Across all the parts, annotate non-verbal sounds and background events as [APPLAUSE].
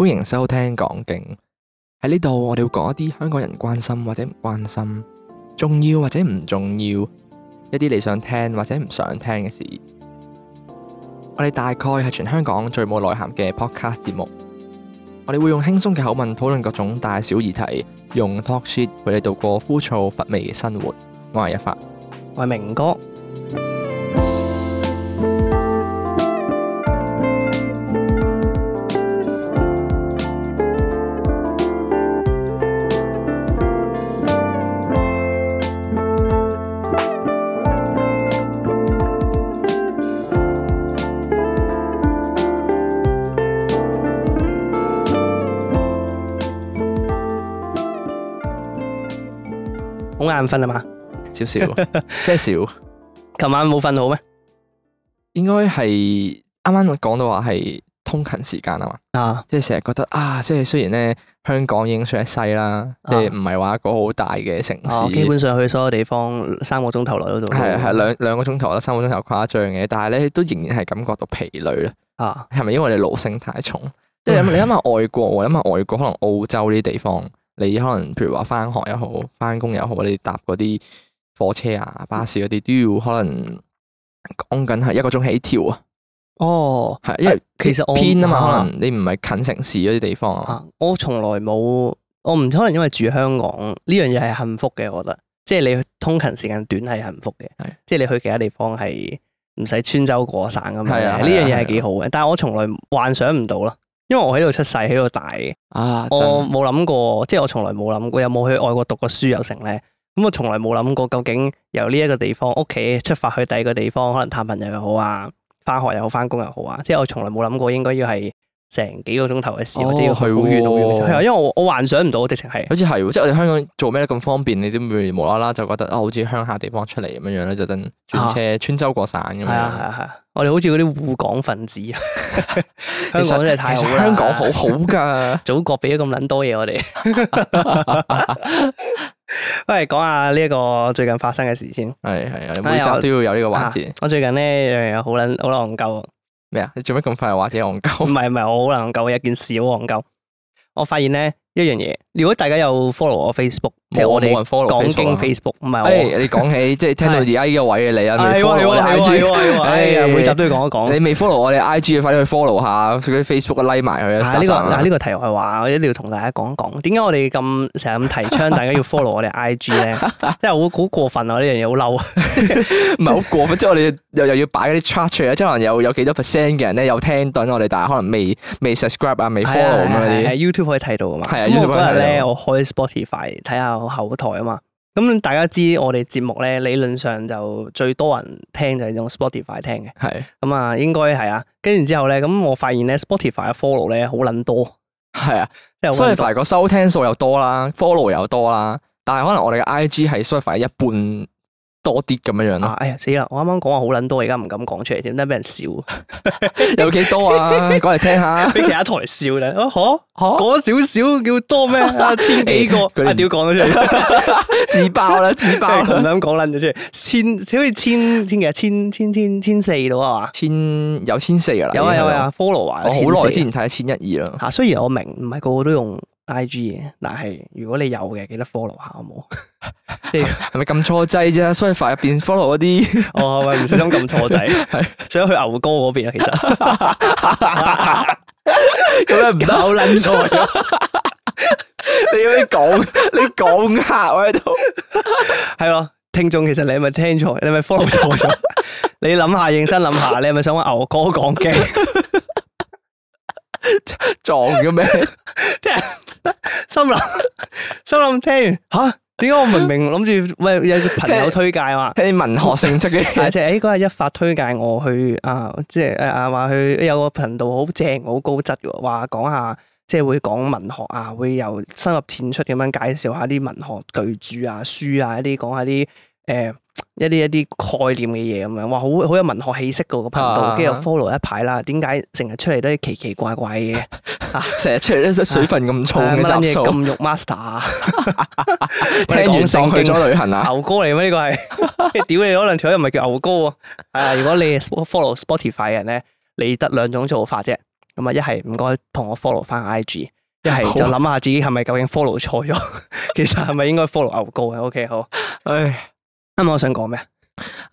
歡迎收聽講經喺呢度，我哋會講一啲香港人關心或者唔關心、重要或者唔重要一啲你想聽或者唔想聽嘅事。我哋大概係全香港最冇內涵嘅 podcast 節目。我哋會用輕鬆嘅口吻討論各種大小議題，用 talk shit 陪你度過枯燥乏味嘅生活。我係一發，我係明哥。瞓啦嘛，少少，即少。 [LAUGHS] 琴晚冇瞓好咩？應該係啱啱我講到話係通勤時間啊嘛，啊，即係成日覺得啊，即係雖然咧香港已經算係細啦，啊、即係唔係話一個好大嘅城市、啊，基本上去所有地方三個鐘頭內嗰度，係係兩兩個鐘頭，我覺得三個鐘頭誇張嘅，但係咧都仍然係感覺到疲累啦。啊，係咪因為你勞性太重？你諗下外國，諗下外國可能澳洲呢啲地方。你可能譬如話翻學又好，翻工又好，你搭嗰啲火車啊、巴士嗰啲都要可能，講緊係一個鐘起跳啊！哦，係因為其實我偏啊嘛，可能你唔係近城市嗰啲地方啊。我從來冇，我唔可能因為住香港呢樣嘢係幸福嘅，我覺得，即係你通勤時間短係幸福嘅，即係你去其他地方係唔使穿州過省咁樣，呢樣嘢係幾好嘅。但係我從來幻想唔到咯。因為我喺度出世喺度大嘅，啊、我冇諗過，即係我從來冇諗過，有冇去外國讀過書又成咧？咁我從來冇諗過，究竟由呢一個地方屋企出發去第二個地方，可能探朋友又好啊，翻學又好，翻工又好啊，即係我從來冇諗過應該要係。成幾個鐘頭嘅事，或者要好遠好遠嘅就係啊，因為我我幻想唔到，直情係好似係，即係我哋香港做咩咁方便，你點會無啦啦就覺得啊，好似鄉下地方出嚟咁樣樣咧，就真轉車穿州過省咁樣，係啊係啊係，我哋好似嗰啲護港分子啊，香港真係太好，香港好好噶，祖國俾咗咁捻多嘢我哋。不如講下呢一個最近發生嘅事先，係係啊，每周都要有呢個環節。我最近咧好捻好狼究。咩啊？你做咩咁快？話自己戇鳩？唔係唔係，我好戇鳩，一件事好戇鳩。我發現咧一樣嘢，如果大家有 follow 我 Facebook。即係我哋講經 Facebook，唔係。誒，你講起即係聽到而家呢個嘅位嘅你啊，你 follow 我哋 I G，誒，每集都要講一講。你未 follow 我哋 I G，快啲去 follow 下，嗰 Facebook 拉埋佢啊！呢個，嚇呢個題外話，我一定要同大家講一講，點解我哋咁成日咁提倡大家要 follow 我哋 I G 咧？真係好好過分啊！呢樣嘢好嬲，唔係好過分，即係我哋又又要擺嗰啲 chart 出嚟，即係可能有有幾多 percent 嘅人咧有聽，但我哋但係可能未未 subscribe 啊，未 follow 咁嗰 YouTube 可以睇到嘛。係啊，嗰日咧我開 Spotify 睇下。有後台啊嘛，咁大家知我哋節目咧，理論上就最多人聽就係用 Spotify 聽嘅，係是，咁啊應該係啊，跟住之後咧，咁我發現咧 Spotify 嘅 follow 咧好撚多，係啊 Spotify 個收聽數又多啦，follow 又多啦，但係可能我哋嘅 IG 係 Spotify [LAUGHS] 一半。多啲咁樣樣啦，哎呀死啦！我啱啱講話好捻多，而家唔敢講出嚟，點解俾人笑？ [LAUGHS] 有幾多啊？講嚟聽下、啊，俾 [LAUGHS] 其他台笑咧。哦、啊，嗰嗰少少叫多咩？啊，千幾個， [LAUGHS] 哎、啊，屌，講得出嚟，自爆啦，自爆，唔敢講捻咗出嚟！千好似千千幾，千千千千四到啊嘛？千有千四噶啦、啊，有啊有啊，follow 啊，好耐、啊、之前睇一 [LAUGHS] 千一二啦。吓，雖然我明唔係個個都用。I G 嘅，但係如果你有嘅，記得 follow 下好冇？係咪撳錯掣啫？所以入邊 follow 嗰啲，我係唔小心撳錯掣，想 [LAUGHS] 去牛哥嗰邊啊。其實咁樣唔得，好卵錯！你要講，你講下我喺度，係 [LAUGHS] 咯、啊？聽眾，其實你係咪聽錯？你係咪 follow 錯咗？ [LAUGHS] 你諗下，認真諗下，你係咪想揾牛哥講嘅？ [LAUGHS] [LAUGHS] 撞咗咩？聽。 [LAUGHS] 心諗心諗蛤，聽完吓，點解我明明諗住喂有個朋友推介話睇啲 [LAUGHS] 文學性質嘅， [LAUGHS] 係即係誒，嗰日一發推介我去啊，即係誒話去有個頻道好正，好高質，話講下即係會講文學啊，會由深入淺出咁樣介紹下啲文學巨著啊書啊一啲講下啲誒。說說一啲一啲概念嘅嘢咁樣，哇，好好有文學氣息㗎個頻道，跟住又 follow 一排啦。點解成日出嚟都係奇奇怪怪嘅？成日出嚟都水分咁重嘅集數。禁肉 master，聽完喪去咗旅行啊？牛哥嚟咩？呢個係？屌你，可能條友唔係叫牛哥啊？如果你係 follow Spotify 嘅人咧，你得兩種做法啫。咁啊，一係唔該同我 follow 翻 IG，一係就諗下自己係咪究竟 follow 錯咗？其實係咪應該 follow 牛哥嘅？OK，好，唉。啱我想講咩啊？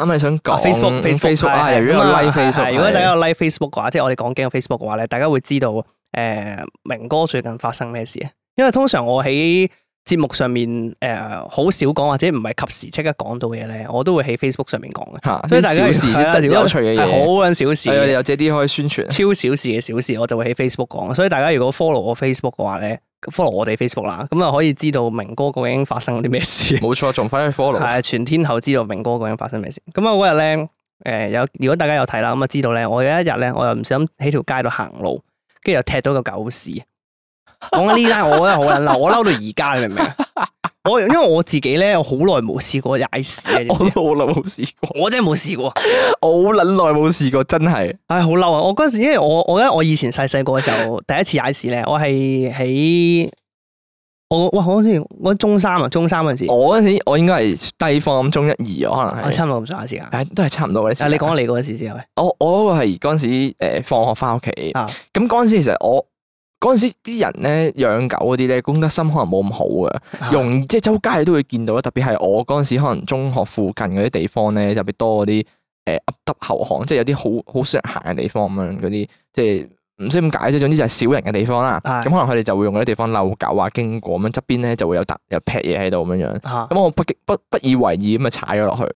啱係想講 Facebook，Facebook 啊！如果 like Facebook，如果大家有 like Facebook 嘅話，即係我哋講緊個 Facebook 嘅話咧，大家會知道誒明哥最近發生咩事啊？因為通常我喺節目上面誒好少講或者唔係及時即刻講到嘢咧，我都會喺 Facebook 上面講嘅。吓，所以大家啲特有趣嘅嘢，好緊小事，有這啲可以宣傳，超小事嘅小事，我就會喺 Facebook 講。所以大家如果 follow 我 Facebook 嘅話咧。follow 我哋 Facebook 啦、so，咁啊可以知道明哥究竟發生咗啲咩事。冇錯， [LAUGHS] 仲快去 follow。係全天候知道明哥究竟發生咩事。咁啊嗰日咧，誒有，如果大家有睇啦，咁啊知道咧，我有一日咧，我又唔想喺條街度行路，跟住又踢到個狗屎。講緊呢單，我真係好撚嬲。我嬲到而家，你明唔明啊？我因為我自己咧，我好耐冇試過踩屎。知知我都好耐冇試過。我真係冇試過， [LAUGHS] 我好捻耐冇試過，真係。唉，好嬲啊！我嗰陣時，因為我我咧，我以前細細個嘅時候， [LAUGHS] 第一次踩屎咧，我係喺我哇嗰陣時我中三啊，中三嗰陣時。我嗰陣時，我應該係低放咁，中一二，我可能係差唔多咁上下時間。唉，都係差唔多嗰啲、啊。你講你陣時之後咧，我我嗰個係陣時誒、呃、放學翻屋企咁嗰陣時其實我。嗰陣時啲人咧養狗嗰啲咧公德心可能冇咁好嘅，容即係周街都會見到啦。特別係我嗰陣時可能中學附近嗰啲地方咧，特別多嗰啲誒凹凸後巷，即係有啲好好少人行嘅地方咁樣嗰啲，即係唔知點解啫。總之就係少人嘅地方啦。咁、哎、可能佢哋就會用嗰啲地方遛狗啊，經過咁樣側邊咧就會有突有撇嘢喺度咁樣樣。咁我不不不以為意咁啊踩咗落去。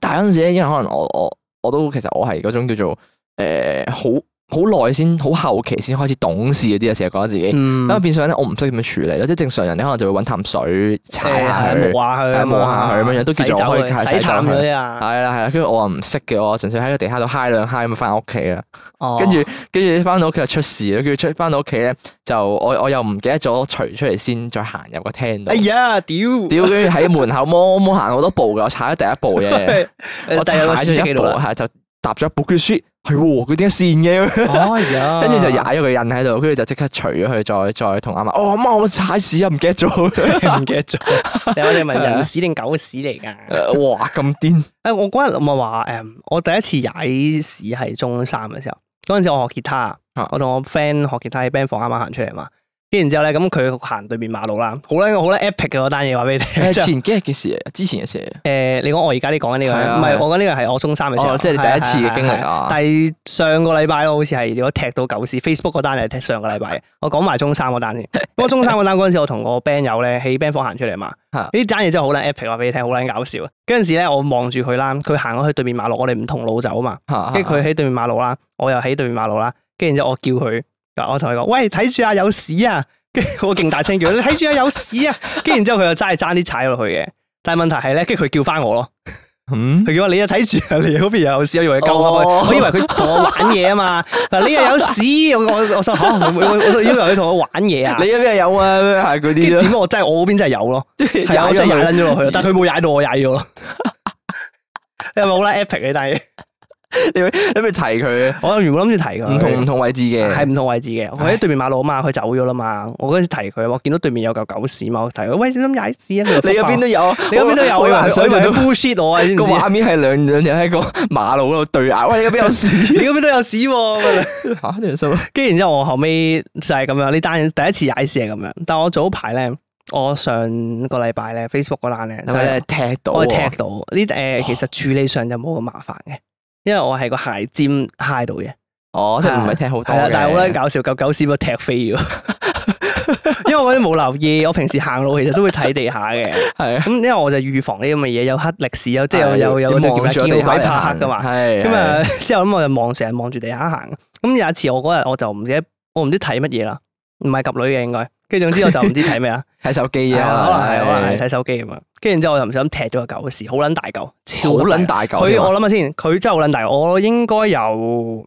但係嗰陣時咧，因為可能我我我,我都其實我係嗰種叫做誒好。呃好耐先，好後期先開始懂事嗰啲啊，成日覺得自己，咁啊變相咧，我唔識點樣處理咯，即係正常人你可能就會揾啖水踩下佢，摸下佢咁樣，都叫做可以洗走。洗探啊，係啦，係啦，跟住我話唔識嘅，我純粹喺個地下度嗨兩嗨咁啊翻屋企啦。跟住跟住翻到屋企出事啦，跟住出翻到屋企咧，就我我又唔記得咗除出嚟先，再行入個廳度。哎呀屌！屌！跟住喺門口摸摸行好多步嘅，我踩咗第一步嘅，我踩住第一步就踏咗一本書。係喎，佢點解線嘅？哎呀，跟住、哦、 [LAUGHS] 就踩咗個印喺度，跟住就即刻除咗佢，再再同阿媽哦，阿媽我踩屎啊，唔記得咗，唔記得咗。我哋問人屎定狗屎嚟噶？ [LAUGHS] 哇，咁癲！誒、 [LAUGHS] 哎，我嗰日唔係話誒，我第一次踩屎係中三嘅時候，嗰陣時我學吉他，我同我 friend 學吉他喺 band 房啱啱行出嚟嘛。跟住然之後咧，咁佢行對面馬路啦。好啦，好啦，epic 嘅嗰單嘢話俾你聽。誒，前幾日嘅事之前嘅事誒，你講我而家啲講緊呢個，唔係我講呢個係我中三嘅時候。即係第一次嘅經歷。但係上個禮拜我好似係如果踢到狗屎，Facebook 嗰單係踢上個禮拜我講埋中三嗰單先。不過中三嗰單嗰陣時，我同我 band 友咧喺 band 房行出嚟嘛。呢單嘢真係好啦，epic 話俾你聽，好鬼搞笑啊！嗰陣時咧，我望住佢啦，佢行咗去對面馬路，我哋唔同路走啊嘛。跟住佢喺對面馬路啦，我又喺對面馬路啦。跟住然之後我叫佢。我同佢講，喂，睇住啊，有屎啊！跟住我勁大聲叫，你睇住啊，有屎啊！跟住然之後佢就真係爭啲踩落去嘅，但係問題係咧，跟住佢叫翻我咯。佢叫你一睇住啊，你嗰邊有屎，我以為你救下我，哦、我以為佢同我玩嘢啊嘛。嗱， [LAUGHS] 你又有屎，我我我想，我我以為你同我玩嘢啊。你邊又有啊？咩係嗰啲？點解我真係我嗰邊真係有咯，係 [LAUGHS] [LAUGHS] [LAUGHS] 我真係踩咗落去，但係佢冇踩到我踩咗咯。 [LAUGHS] 你係咪好啦？Epic 你但係。你咪你咪提佢，我原本諗住提佢，唔同唔同位置嘅，係唔同位置嘅。我喺對面馬路啊嘛，佢走咗啦嘛。我嗰時提佢，我見到對面有嚿狗屎嘛，我提佢。喂，小心踩屎啊！你嗰邊都有，你嗰邊都有啊！畫面都 push shit 我啊，個畫面係兩兩人喺個馬路度對眼。喂，你嗰邊有屎，你嗰邊都有屎。吓，跟然之後我後尾就係咁樣，呢單第一次踩屎係咁樣。但我早排咧，我上個禮拜咧，Facebook 個欄咧就係踢到，我踢到呢。誒，其實處理上就冇咁麻煩嘅。因為我係個鞋尖嗨到嘅，哦，即係唔係踢好大。嘅，但係好撚搞笑，狗狗屎要踢飛咗！因為我啲冇留意，我平時行路其實都會睇地下嘅，係啊。咁因為我就預防呢啲咁嘅嘢，有黑歷史，有即係有有有嗰啲叫咩？見鬼怕黑噶嘛，咁啊之後咁我就望，成日望住地下行。咁有一次我嗰日我就唔記得，我唔知睇乜嘢啦，唔係夾女嘅應該。跟住，總之我就唔知睇咩啦，睇手機啊，係啊，係睇手機咁啊。跟住，然之後我就唔想踢咗個狗屎，好撚大嚿，超撚大嚿。佢我諗下先，佢真係好撚大。我應該有，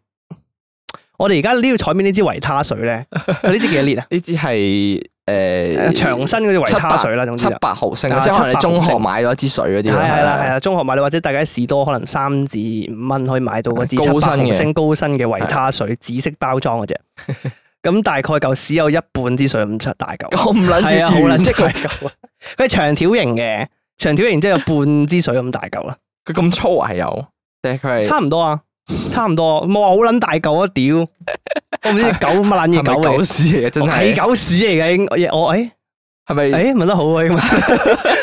我哋而家呢度彩邊呢支維他水咧？佢呢支幾多列啊？呢支係誒長身嗰啲維他水啦，總之七百毫升啊，即係我中學買咗一支水嗰啲。係啦，係啊，中學買，或者大家士多可能三至五蚊可以買到嗰支高身高身嘅維他水，紫色包裝嗰隻。咁大概嚿屎有一半支水咁出大嚿，係啊，好撚即係大嚿啊！佢長條形嘅，長條形即係有半支水咁大嚿啦。佢咁粗啊，係有，定係佢係差唔多啊，差唔多，冇話好撚大嚿啊！屌， [LAUGHS] 我唔知隻狗乜撚嘢狗嚟，是是狗屎嚟，嘅，真係狗屎嚟嘅，我我誒，係咪誒問得好啊？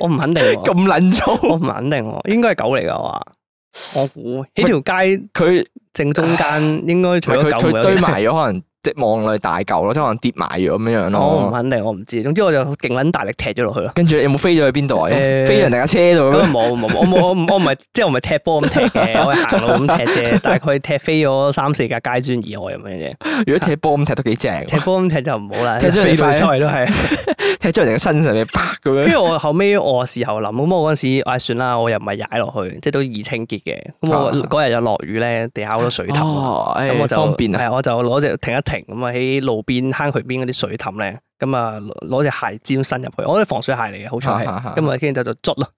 [LAUGHS] 我唔肯定，啊，咁撚粗， [LAUGHS] 我唔肯定，應該係狗嚟噶話。我估呢條街佢正中間應該仲有佢堆埋咗可能。 [LAUGHS] 即望落去大嚿咯，即可能跌埋咗咁樣樣咯。我唔肯定，我唔知。總之我就勁撚大力踢咗落去咯。跟住有冇飛咗去邊度啊？飛咗人架車度？冇冇，我冇我唔我唔係即係我唔係踢波咁踢嘅，我係行路咁踢啫。大概踢飛咗三四格階磚以外咁樣嘢。如果踢波咁踢都幾正，踢波咁踢就唔好啦。踢咗飛到周圍都係，踢咗人嘅身上面啪咁樣。跟住我後尾我事後諗，咁我嗰時哎算啦，我又唔係踩落去，即係都易清潔嘅。咁我嗰日又落雨咧，地下好多水潭，咁我就係我就攞隻停一。咁啊！喺、嗯、路邊坑渠邊嗰啲水凼咧，咁啊攞隻鞋尖伸入去，我啲防水鞋嚟嘅，好彩。咁啊，啊，啊、嗯，跟住就、欸一腳嗯、就捽咯，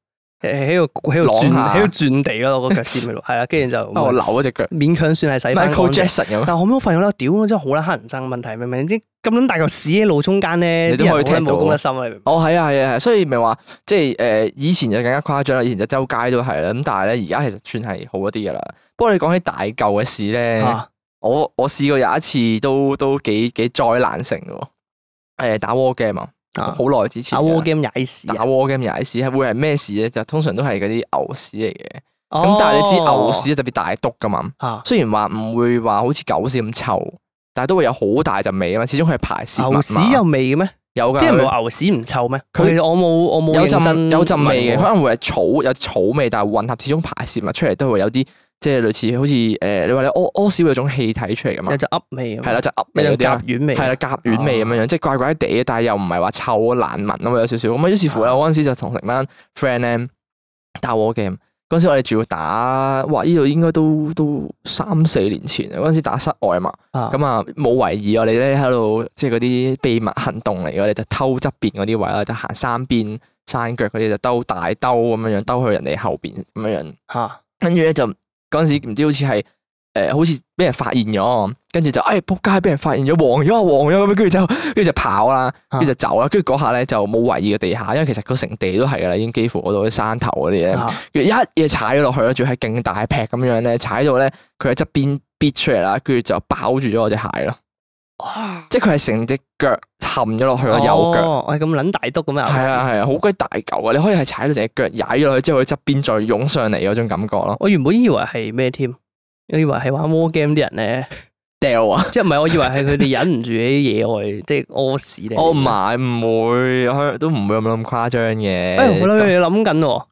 喺度喺度轉喺度轉地咯，個腳尖係啦，跟住就我扭咗隻腳，勉強算係使。Michael Jackson 但後屘我發現咧，屌真係好啦，黑人憎問題，明唔明？啲咁樣大嚿屎喺路中間咧，都可以聽到公德心、哦、啊。哦，係啊，係啊，係，所以咪話即係誒，以前就更加誇張啦，以前就周街都係啦。咁但係咧，而家其實算係好一啲噶啦。不過你講起大嚿嘅屎咧。啊我我試過有一次都都幾幾災難性嘅喎，誒、欸、打 war game 啊，好耐之前打 war game 踩屎，打 war game 踩屎係會係咩事咧？就通常都係嗰啲牛屎嚟嘅，咁、哦、但係你知牛屎特別大篤噶嘛，哦啊、雖然話唔會話好似狗屎咁臭，但係都會有好大陣味啊嘛，始終佢係排屎。牛屎有味嘅咩？有噶，啲人唔係話牛屎唔臭咩？其實我冇我冇有陣有陣味嘅，可能會係草有草味，但係混合始終排泄物出嚟都會有啲。即係類似好似誒，你話你屙屙屎會有種氣體出嚟噶嘛？就噏、是、味，係啦，就噏味嗰啲甲軟味，係啦，夾軟味咁樣即係怪怪地，但係又唔係話臭難聞咁啊，有少少咁啊。於是乎，我嗰陣時就同成班 friend 咧打 war game。嗰陣、啊、時我哋仲要打，哇！呢度應該都都三四年前嗰陣時打室外啊嘛，咁啊冇為意我哋咧喺度，即係嗰啲秘密行動嚟嘅，我哋就偷側邊嗰啲位啦，就行山邊山腳嗰啲，就兜大兜咁樣樣，兜去人哋後邊咁樣樣。吓，跟住咧就。嗰陣時唔知好似係誒，好似俾人發現咗，跟住就誒仆街，俾人發現咗，黃咗啊，黃咗咁，跟住就跟住就跑啦，跟住就走啦，跟住嗰下咧就冇遺疑個地下，因為其實嗰成地都係噶啦，已經幾乎嗰度啲山頭嗰啲，跟住一嘢踩落去咯，仲係勁大一劈咁樣咧，踩到咧佢喺側邊咇出嚟啦，跟住就包住咗我隻鞋咯。哇！即係佢係成隻腳陷咗落去咯，哦，右腳。喂，咁捻大篤咁樣啊！係啊係啊，好鬼、啊、大嚿啊。你可以係踩到成隻腳踩咗落去，之後佢側邊再湧上嚟嗰種感覺咯。我原本以為係咩添？以丟啊、我以為係玩 war game 啲人咧掉啊！即係唔係？我以為係佢哋忍唔住喺野外，即係屙屎咧。哦，唔係，唔會，都唔會有咁誇張嘅。誒，我諗你諗緊喎。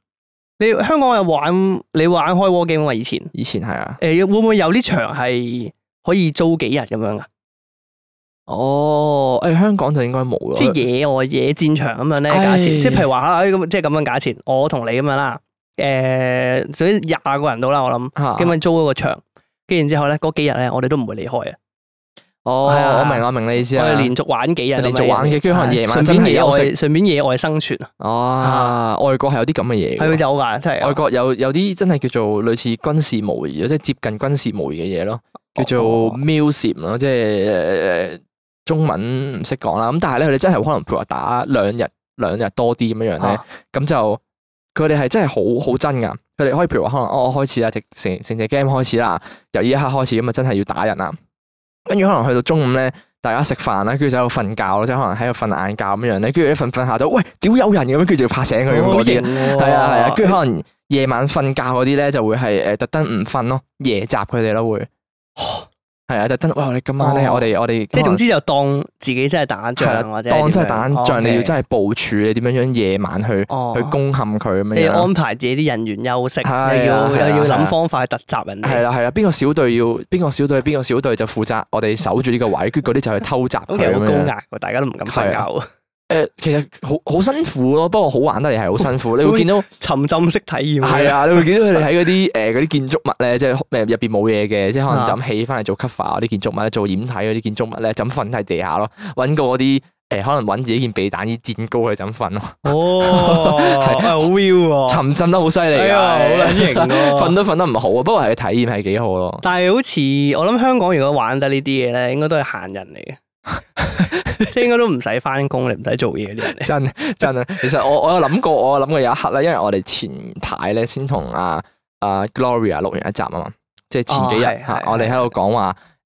你香港有玩？你玩開 war game 嘛？以前，以前係啊。誒，會唔會有啲場係可以租幾日咁樣噶？哦，誒香港就應該冇咯，即係野外野戰場咁樣咧假設，即係譬如話嚇，即係咁樣假設，我同你咁樣啦，誒，所以廿個人到啦，我諗，基本上租嗰個場，跟住然之後咧，嗰幾日咧，我哋都唔會離開啊。哦，我明我明你意思啊，我哋連續玩幾日，連續玩嘅，跟可能夜晚邊野外，順便野外生存啊。哦，外國係有啲咁嘅嘢，係有㗎，外國有有啲真係叫做類似軍事模擬，即係接近軍事模擬嘅嘢咯，叫做 museum 啦，即係。中文唔識講啦，咁但係咧，佢哋真係可能譬如話打兩日兩日多啲咁樣樣咧，咁就佢哋係真係好好真噶，佢哋可以譬如話可能，哦，我開始啦，成成成隻 game 開始啦，由呢一刻開始咁啊真係要打人啦，跟住可能去到中午咧，大家食飯啦，跟住就喺度瞓覺咯，即可能喺度瞓晏覺咁樣咧，跟住一瞓瞓下到，喂，屌有人咁樣，跟住就要拍醒佢咁嗰啲，係啊係啊，跟住可能夜晚瞓覺嗰啲咧就會係誒特登唔瞓咯，夜襲佢哋咯會。者係啊，就等，哇！你今晚咧，我哋我哋即係總之就當自己真係打仗，當真係打仗，你要真係部署，你點樣樣夜晚去去攻陷佢咁樣。你要安排自己啲人員休息，又要又要諗方法去突襲人哋。係啦係啦，邊個小隊要邊個小隊，邊個小隊就負責我哋守住呢個位，跟住嗰啲就去偷襲佢咁，好高壓，大家都唔敢瞓覺。誒，其實好好辛苦咯，不過好玩得嚟係好辛苦，會你會見到沉浸式體驗。係啊，你會見到佢哋喺嗰啲誒啲建築物咧，即係入邊冇嘢嘅，即係可能枕起翻嚟做 cover 啲建築物咧、啊、做掩體嗰啲建築物咧、啊，就枕瞓喺地下咯，揾過嗰啲誒可能揾自己件被單啲墊高去枕瞓咯。哦，好 view 啊，嗯、view 沉浸得好犀利啊， [LAUGHS] 睡睡好隱形瞓都瞓得唔好啊，不過係體驗係幾好咯。但係好似我諗香港如果玩得呢啲嘢咧，應該都係閒人嚟嘅。即係 [LAUGHS] 應該都唔使翻工，你唔使做嘢呢？真真啊！ [LAUGHS] 其實我我有諗過，我諗過有一刻咧，因為我哋前排咧先同阿阿 Gloria 錄完一集啊嘛，哦、即係前幾日啊，是是是我哋喺度講話。是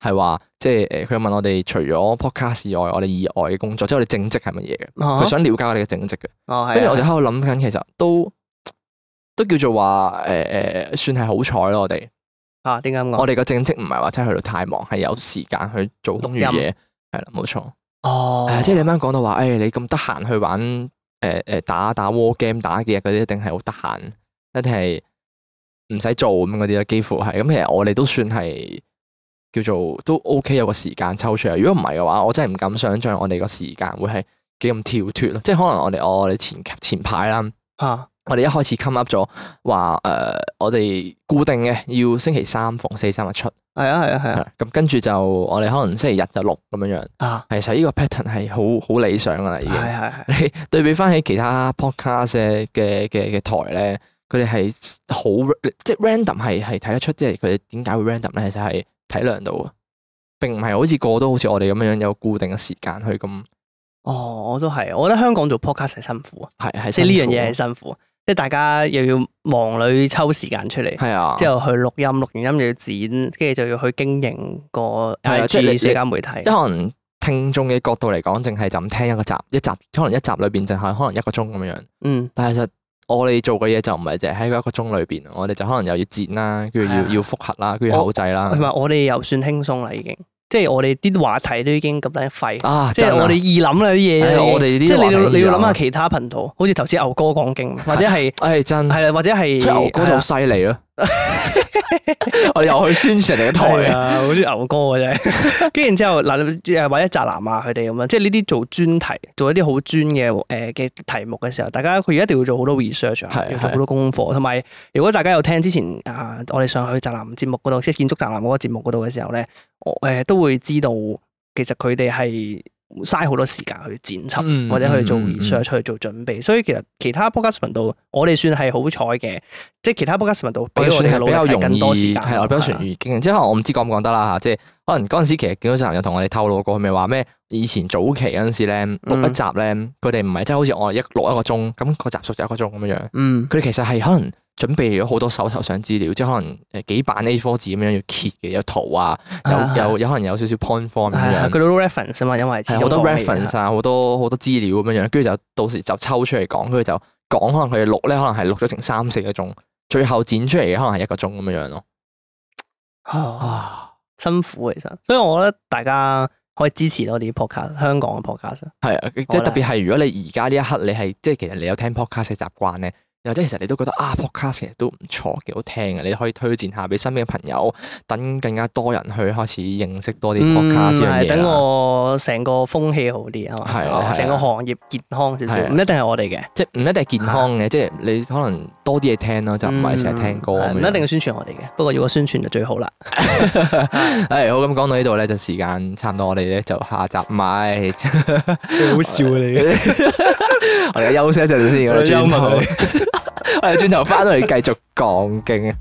係話即係誒，佢問我哋除咗 Podcast 以外，我哋以外嘅工作，即係我哋正職係乜嘢嘅？佢、uh huh. 想了解我哋嘅正職嘅。跟住、uh huh. 我哋喺度諗緊，其實都、uh huh. 都叫做話誒誒，算係好彩咯，啊、麼麼我哋吓點解我哋嘅正職唔係話真係去到太忙，係有時間去做東源嘢，係啦、嗯，冇錯。哦，uh huh. 即係你啱講到話，誒、哎，你咁得閒去玩誒誒打打 war game 打嘅嗰啲，一定係好得閒，一定係唔使做咁嗰啲咧，幾乎係咁。其實我哋都算係。叫做都 OK，有個時間抽出嚟。如果唔係嘅話，我真係唔敢想象我哋個時間會係幾咁跳脫咯。即係可能我哋哦，你前前排啦吓，啊、我哋一開始 come up 咗話誒，我哋固定嘅要星期三逢四三日出。係啊係啊係啊。咁跟住就我哋可能星期日就錄咁樣樣啊。其實呢個 pattern 係好好理想噶啦，已經係係係。對比翻起其他 podcast 嘅嘅嘅台咧，佢哋係好即係 random 係係睇得出，即係佢哋點解會 random 咧？其實係。體諒到啊，並唔係好似個都好似我哋咁樣有固定嘅時間去咁。哦，我都係，我覺得香港做 podcast 係辛苦啊，係係，即係呢樣嘢係辛苦，啊。即係大家又要忙裏抽時間出嚟，係啊，之後去錄音，錄完音又要剪，跟住就要去經營個係、啊、即係社交媒體。即可能聽眾嘅角度嚟講，淨係就咁聽一個集，一集可能一集裏邊淨係可能一個鐘咁樣。嗯，但係其實我哋做嘅嘢就唔係淨係喺一個鐘裏邊，我哋就可能又要剪啦，跟住要要復合啦，跟住口仔啦。唔係我哋又算輕鬆啦，已經，即係我哋啲話題都已經咁樣廢啊！即係我哋易諗啦啲嘢，哎、我即係你你要諗下其他頻道，好似頭先牛哥講經，或者係，係、哎、真係啦，或者係，牛哥就好犀利咯。是啊 [LAUGHS] [LAUGHS] 我哋又去宣傳人哋嘅台啊，好似牛哥嘅啫。跟住之後嗱，或者宅男啊，佢哋咁啦，即係呢啲做專題，做一啲好專嘅誒嘅題目嘅時候，大家佢一定要做好多 research，要做好多功課。同埋， [LAUGHS] 如果大家有聽之前啊、呃，我哋上去宅男節目嗰度，即係建築宅男嗰個節目嗰度嘅時候咧，我誒、呃、都會知道，其實佢哋係。嘥好多時間去剪輯、嗯、或者去做 research 出去做準備，嗯嗯、所以其實其他 podcast 頻道我哋算係好彩嘅，即係其他 podcast 頻道比我哋比較容易係比較容易經營，即係可能我唔知講唔講得啦吓，即係可能嗰陣時其實見到朋友同我哋透露過，咪話咩以前早期嗰陣時咧錄一集咧，佢哋唔係即係好似我一錄一個鐘，咁個集數就一個鐘咁樣樣，佢哋其實係可能。嗯準備咗好多手頭上資料，即係可能誒幾版 A4 紙咁樣要揭嘅，有圖啊，啊有有有可能有少少 point form 咁樣。係、啊，好多 reference 啊嘛，因為好多 reference 啊，好多好多資料咁樣樣，跟住就到時就抽出嚟講，跟住就講可能佢哋錄咧，可能係錄咗成三四個鐘，最後剪出嚟嘅可能係一個鐘咁樣樣咯。啊，啊辛苦其實，所以我覺得大家可以支持多啲 podcast 香港嘅 podcast。係啊，即係特別係如果你而家呢一刻你係即係其實你有聽 podcast 嘅習慣咧。又或者其實你都覺得啊 podcast 其實都唔錯，幾好聽嘅，你可以推薦下俾身邊嘅朋友，等更加多人去開始認識多啲 podcast 先。等我成個風氣好啲係嘛，成個行業健康少少，唔一定係我哋嘅，即係唔一定係健康嘅，即係你可能多啲嘢聽咯，就唔係成日聽歌，唔一定要宣傳我哋嘅，不過如果宣傳就最好啦。係好，咁講到呢度咧，就時間差唔多，我哋咧就下集埋，好笑你。我哋休息一陣先，我哋轉頭， [LAUGHS] [LAUGHS] 我哋轉頭翻去繼續講經。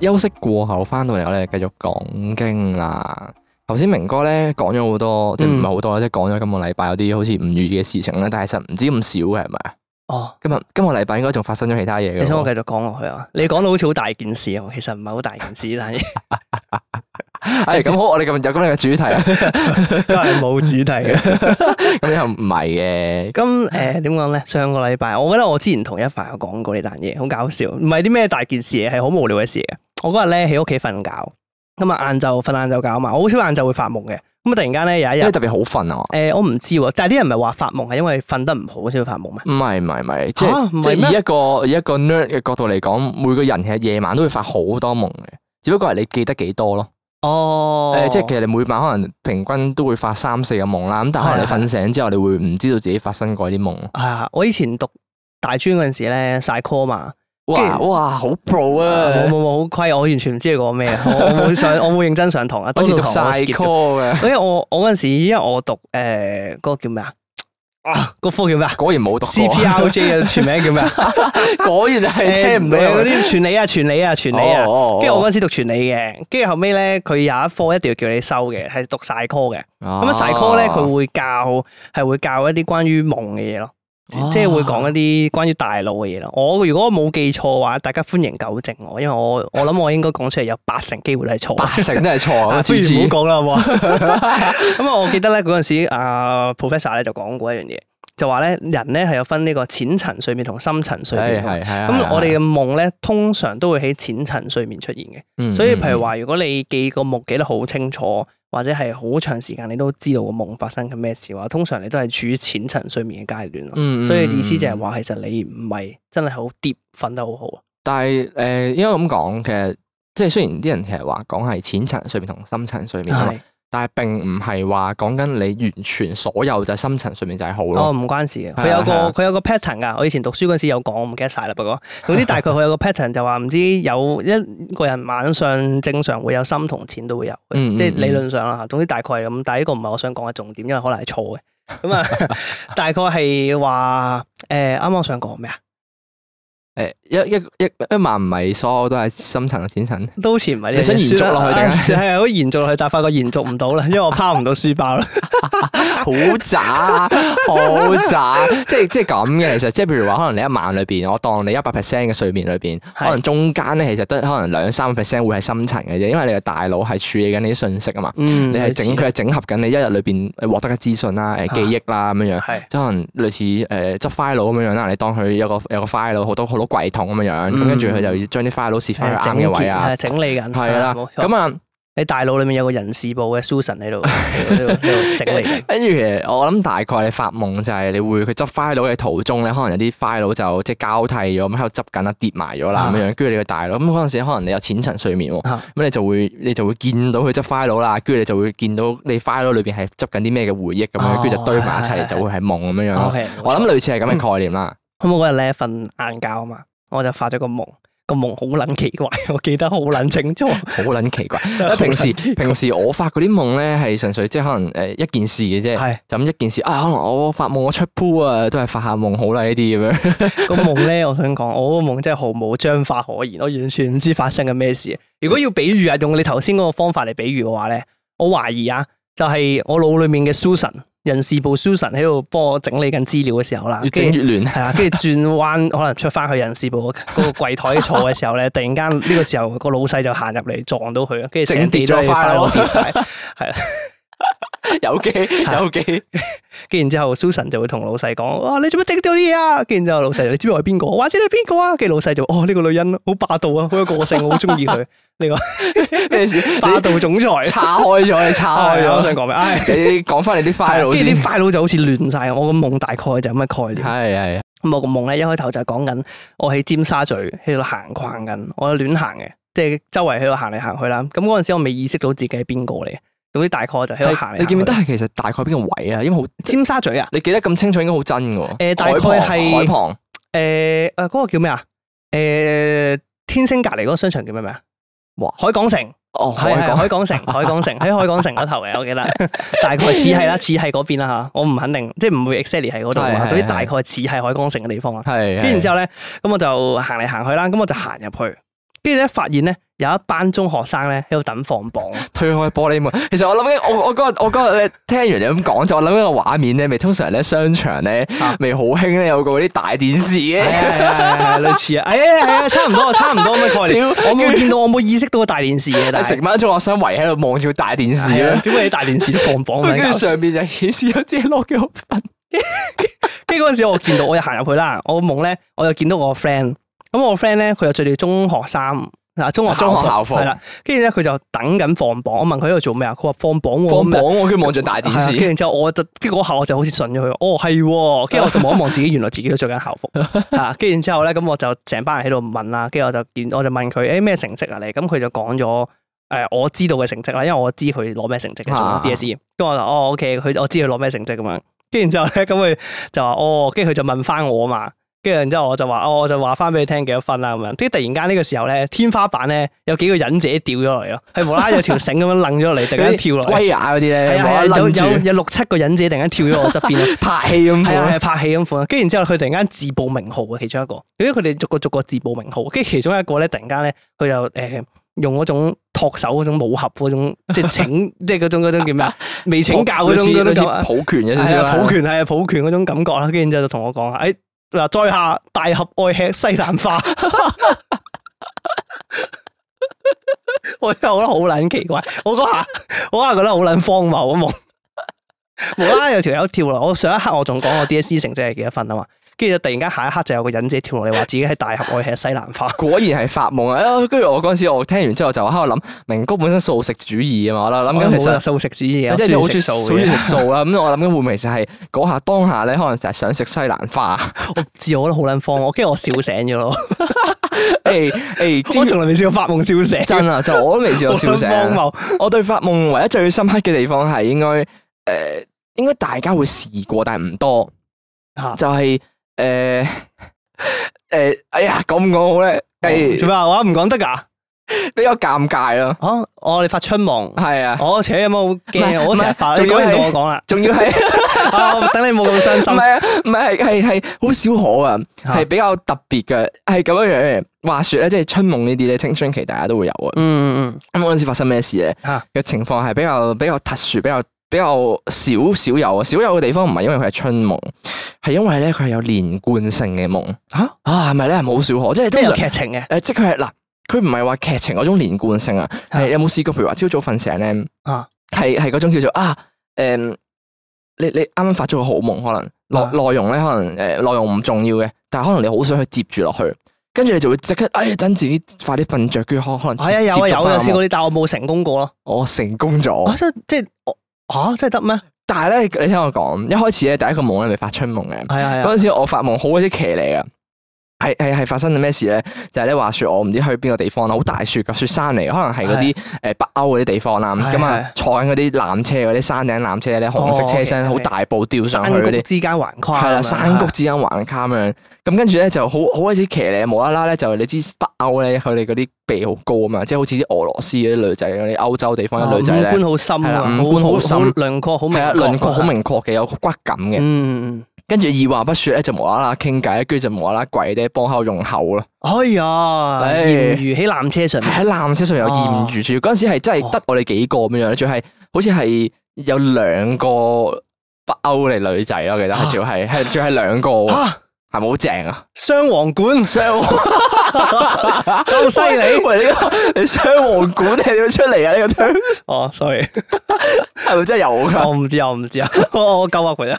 休息過後翻到嚟我哋繼續講經啦。頭先明哥咧，講咗好多，即係唔係好多，即係講咗今個禮拜有啲好似唔如意嘅事情咧，但係實唔知咁少嘅係咪？是是哦，今日今個禮拜應該仲發生咗其他嘢。你想我繼續講落去啊？你講到好似好大件事啊，其實唔係好大件事，但係。 [LAUGHS] [LAUGHS] [MUSIC] 哎，咁好，我哋咁就今日嘅主題，都係冇主題嘅。 [LAUGHS] 咁又唔係嘅。咁誒，點講咧？上個禮拜，我覺得我之前同一發有講過呢單嘢，好搞笑。唔係啲咩大件事嘅，係好無聊嘅事。我嗰日咧喺屋企瞓覺，咁啊晏晝瞓晏晝覺啊嘛。我好少晏晝會發夢嘅。咁啊突然間咧有一日，特別好瞓啊。誒、呃，我唔知，但係啲人唔係話發夢係因為瞓得唔好先會發夢咩？唔係唔係唔係，即係、啊、以一個、啊、以一個 nerd 嘅角度嚟講，每個人其實夜晚都會發好多夢嘅，只不過係你記得幾多咯。哦，誒，即係其實你每晚可能平均都會發三四個夢啦，咁但係你瞓醒之後，的你會唔知道自己發生過啲夢？係啊，我以前讀大專嗰陣時咧，晒 call 嘛，哇然哇好 pro 啊，冇冇冇，好虧，我完全唔知你講咩。 [LAUGHS] 我冇上，我冇認真上堂啊，好似 [LAUGHS] 讀我曬 call 嘅，因為我我嗰陣時因為我讀誒嗰、呃嗰個叫咩啊？啊，嗰科叫咩啊？果然冇讀 CPRJ 嘅全名叫咩啊？ [LAUGHS] 果然係聽唔到嗰啲、 [LAUGHS] 欸、傳理啊，傳理啊，傳理啊。跟住，oh, oh, oh, oh. 我嗰陣時讀傳理嘅，跟住後尾咧，佢有一科一定要叫你收嘅，係讀晒科嘅。咁樣晒科咧，佢會教係會教一啲關於夢嘅嘢咯。即係會講一啲關於大腦嘅嘢啦。我如果冇記錯嘅話，大家歡迎糾正我，因為我我諗我應該講出嚟有八成機會都係錯，八成都係錯。 [LAUGHS] 不如唔好講啦，好唔好？咁啊，我記得咧，嗰陣時啊, [LAUGHS] uh, Professor 咧就講過一樣嘢。就話咧，人咧係有分呢個淺層睡眠同深層睡眠。係係。咁我哋嘅夢咧，通常都會喺淺層睡眠出現嘅。嗯嗯。所以，譬如話，如果你記個夢記得好清楚，或者係好長時間，你都知道個夢發生緊咩事嘅話，通常你都係處於淺層睡眠嘅階段。嗯嗯。所以意思就係話，呃，其實你唔係真係好跌，瞓得好好。但係誒，應該咁講，其實即係雖然啲人其實話講係淺層睡眠同深層睡眠。係嗎？但係並唔係話講緊你完全所有就係心層上面就係好咯。哦，唔關事嘅。佢、啊啊、有個佢有個 pattern 噶。我以前讀書嗰陣時有講，我唔記得晒啦。不過總之，大概佢有個 pattern [LAUGHS] 就話唔知有一個人晚上正常會有心同錢都會有。嗯，嗯，嗯，即係理論上啦嚇。總之大概係咁。但係呢個唔係我想講嘅重點，因為可能係錯嘅。咁啊，大概係話誒，啱、呃、啱我想講咩啊？誒、欸，一一一一晚唔係，所有都係深層嘅淺層，都似唔係你想延續落去定係好延續落去，但係發覺延續唔到啦，因為我拋唔到書包啦 [LAUGHS] [LAUGHS] 好渣，好渣， [LAUGHS] 即係即係咁嘅。其實即係譬如話，可能你一晚裏邊，我當你一百 percent 嘅睡眠裏邊，可能中間咧其實都可能兩三 percent 會係深層嘅啫，因為你嘅大腦係處理緊你啲信息啊嘛，嗯、你係整佢係的整合緊你一日裏邊獲得嘅資訊啦、誒、呃、記憶啦咁樣樣，即、啊、可能類似誒執 file 咁樣樣啦，你當佢有個有個 file 好多好多。櫃桶咁樣樣，咁跟住佢就要將啲 file 撕翻去整一位啊，整理緊。係啦，冇錯，咁啊，你大腦裏面有個人事部嘅 Susan 喺度喺度整理。跟住其實我諗大概你發夢就係你會佢執 file 嘅途中咧，可能有啲 file 就即係交替咗，咁喺度執緊啦，跌埋咗啦咁樣樣。跟住你個大腦，咁陣時，可能你有淺層睡眠喎，咁你就會你就會見到佢執 file 啦，跟住你就會見到你 file 裏邊係執緊啲咩嘅回憶咁樣，跟住就堆埋一齊，就會係夢咁樣樣。我諗類似係咁嘅概念啦。咁我嗰日咧，瞓晏覺啊嘛，我就發咗個夢，個夢好撚奇怪， [LAUGHS] 我記得好撚清楚，好撚 [LAUGHS] 奇怪。 [LAUGHS] 奇怪平時 [LAUGHS] 平時我發嗰啲夢咧，係純粹即係可能誒一件事嘅啫，的就咁一件事啊，可能我發夢我出鋪啊，都係發下夢好啦 [LAUGHS] 呢啲咁樣。個夢咧，我想講，我個夢真係毫無章法可言，我完全唔知發生緊咩事。如果要比喻啊，用你頭先嗰個方法嚟比喻嘅話咧，我懷疑啊，就係我腦裏面嘅 Susan。人事部 Susan 喺度幫我整理緊資料嘅時候啦，越整越亂，係啊後，跟住 [LAUGHS] 轉彎可能出翻去人事部嗰、嗰個櫃台坐嘅時候咧， [LAUGHS] 突然間呢、呢個時候個老細就行入嚟撞到佢啊，跟住整跌咗塊落地，係啊。有機有機，跟然之後 Susan 就會同老細講，哇，你做咩滴咗啲嘢啊？跟然之後老細，你知唔知我係邊個？或者你係邊個啊？跟老細就，哦，呢、這個女人好霸道啊，好有個性，我好中意佢。呢 [LAUGHS] 這個咩 [LAUGHS] 霸道總裁叉 [LAUGHS] 開咗，叉開咗、 [LAUGHS] 哦。我想講咩？唉、哎，你講翻你啲花佬先。跟啲花佬就好似亂晒。我個夢大概就係咁嘅概念。係係。咁我個夢咧，一開頭就係講緊我喺尖沙咀喺度行逛緊，我亂行嘅，即、就、係、是、周圍喺度行嚟行去啦。咁嗰陣時我未意識到自己係邊個嚟。總之大概就喺度行嚟，你記唔記得係其實大概邊個位啊？因為好尖沙咀啊！你記得咁清楚，應該好真嘅。誒，大概係海旁，誒誒嗰個叫咩啊？誒天星隔離嗰個商場叫咩名啊？哇！海港城哦，係海港城，海港城喺海港城嗰頭嘅，我記得。大概似係啦，似係嗰邊啦嚇，我唔肯定，即係唔會 exactly 喺嗰度啊。總之大概似係海港城嘅地方啊，係。跟住之後咧，咁我就行嚟行去啦，咁我就行入去，跟住咧發現咧。有一班中學生咧喺度等放榜，推開玻璃門。其實我諗起，我我嗰日我日咧聽完你咁講就，我諗一個畫面咧，咪通常咧商場咧咪好興咧有個啲大電視，類似啊，係啊係啊，差唔多，差唔多咩概念。我冇見到，我冇意識到個大電視嘅，但係成晚中學生圍喺度望住個大電視咯。點解喺大電視放榜？跟住上邊就顯示咗隻攞幾多分。跟住嗰陣時我見到，我就行入去啦。我夢咧，我就見到我個 friend，咁我個 friend 咧佢又着住中學生中學中學校服係啦，跟住咧佢就等緊放榜，我問佢喺度做咩啊？佢話放榜喎，放榜喎，跟住望住大電視。跟住之後我就，即係下我就好似信咗佢，哦係，跟住我就望一望自己， [LAUGHS] 原來自己都着緊校服，吓。跟住之後咧，咁我就成班人喺度問啦，跟住我就見，我就問佢，誒、欸、咩成績啊你？咁佢就講咗，誒我知道嘅成績啦，因為我知佢攞咩成績嘅 D、SE、S E。咁我就：「哦，O K，佢我知佢攞咩成績咁樣。跟住之後咧，咁、嗯、佢就話哦，跟住佢就問翻我嘛。跟住，然之後我就話，我我就話翻俾你聽幾多分啦，咁樣。跟住突然間呢個時候咧，天花板咧有幾個忍者掉咗落嚟咯，係無啦有條繩咁樣掹咗落嚟，突然間跳落。威亞嗰啲咧，有有有六七個忍者突然間跳咗我側邊，拍戲咁款。係拍戲咁款。跟住，然之後佢突然間自報名號其中一個，因為佢哋逐個逐個自報名號。跟住，其中一個咧突然間咧，佢就誒用嗰種托手嗰種武俠嗰種，即係請，即係嗰種嗰種叫咩啊？未請教嗰種，種種類似似抱拳一少少啦。抱拳係啊，抱拳嗰種感覺啦。跟住之後就同我講啊，誒。嗱，在下大俠愛吃西蘭花， [LAUGHS] [LAUGHS] 我真係覺得好撚奇怪，我嗰下我嗰下覺得好撚荒謬啊！冇無啦啦有條友跳樓，我上一刻我仲講我 DSE 成績係幾多分啊嘛。跟住突然間，下一刻就有個忍者跳落嚟，話自己喺大俠愛吃西蘭花。果然係發夢啊！跟住我嗰陣時，我聽完之後就喺度諗，明哥本身素食主義啊嘛，我諗諗咁，冇得素食主義啊，即係好中意食素啦。咁我諗緊會唔會就係、是、嗰下當下咧，可能就係想食西蘭花我？我自 [LAUGHS] 我都好捻荒，我跟住我笑醒咗咯。誒誒、 [LAUGHS] 欸，欸、我仲係未試過發夢笑醒，真啊！就我都未試過笑醒。荒謬 [LAUGHS] 忘！我對發夢唯一最深刻嘅地方係應該誒、呃，應該大家會試過，但係唔多 [LAUGHS] 就係、是。誒誒，哎呀，講唔講好咧？做咩話唔講得噶？比較尷尬咯。吓，我哋發春夢係啊，我扯有冇好驚？我成日發，你講完同我講啦。仲要係啊，等你冇咁傷心。唔係啊，唔係系係好少可啊，係比較特別嘅，係咁樣樣嘅。話說咧，即係春夢呢啲咧，青春期大家都會有啊。嗯嗯嗯。咁陣時發生咩事咧？嘅情況係比較比較特殊，比較。比較少少有，有，有啊，少、啊、有嘅地方唔係因為佢係春夢，係因為咧佢係有連貫性嘅夢啊啊，係咪咧？冇少可，即係都有劇情嘅。誒、呃，即係佢係嗱，佢唔係話劇情嗰種連貫性啊。係有冇試過？譬如話朝早瞓醒咧啊，係係嗰種叫做啊，誒、嗯，你你啱啱發咗個好夢，可能內內容咧可能誒內、呃、容唔重要嘅，但係可能你好想去接住落去，跟住你就會即刻誒等自己快啲瞓着，跟住可能係啊有啊有啊，試、啊、過啲，但我冇成功過咯。我成功咗、啊，即即我吓、啊，真係得咩？但係咧，你聽我講，一開始咧，第一個夢咧，咪發春夢嘅。係啊係啊，嗰陣時我發夢好鬼啲騎呢嘅。係係係，發生咗咩事咧？就係咧，話說我唔知去邊個地方啦，好大雪噶雪山嚟，可能係嗰啲誒北歐嗰啲地方啦。咁啊，坐緊嗰啲纜車，嗰啲山頂纜車咧，紅色車身，好大步吊上去嗰啲。之間橫跨。係啦，山谷之間橫跨咁樣。咁跟住咧就好，開始騎咧，無啦啦咧就你知北歐咧，佢哋嗰啲鼻好高啊嘛，即係好似啲俄羅斯嗰啲女仔，嗰啲歐洲地方啲女仔咧。五官好深啊，五官好深，輪廓好明。啊，輪廓好明確嘅，有骨感嘅。嗯。跟住二話不說咧就無啦啦傾偈，跟住就無啦啦跪低，幫口用口咯。哎呀，艷遇喺纜車上面，喺纜車上面有艷遇住。嗰陣、啊、時係真係得我哋幾個咁樣，仲係好似係有兩個北歐嚟女仔咯。我記得係仲係係仲係兩個。啊係咪好正啊？雙簧管，雙咁犀利！喂，呢、這個你雙簧管係點出嚟啊？呢個雙哦，sorry 係咪真係有噶？我唔知，我唔知啊！我救下佢啦，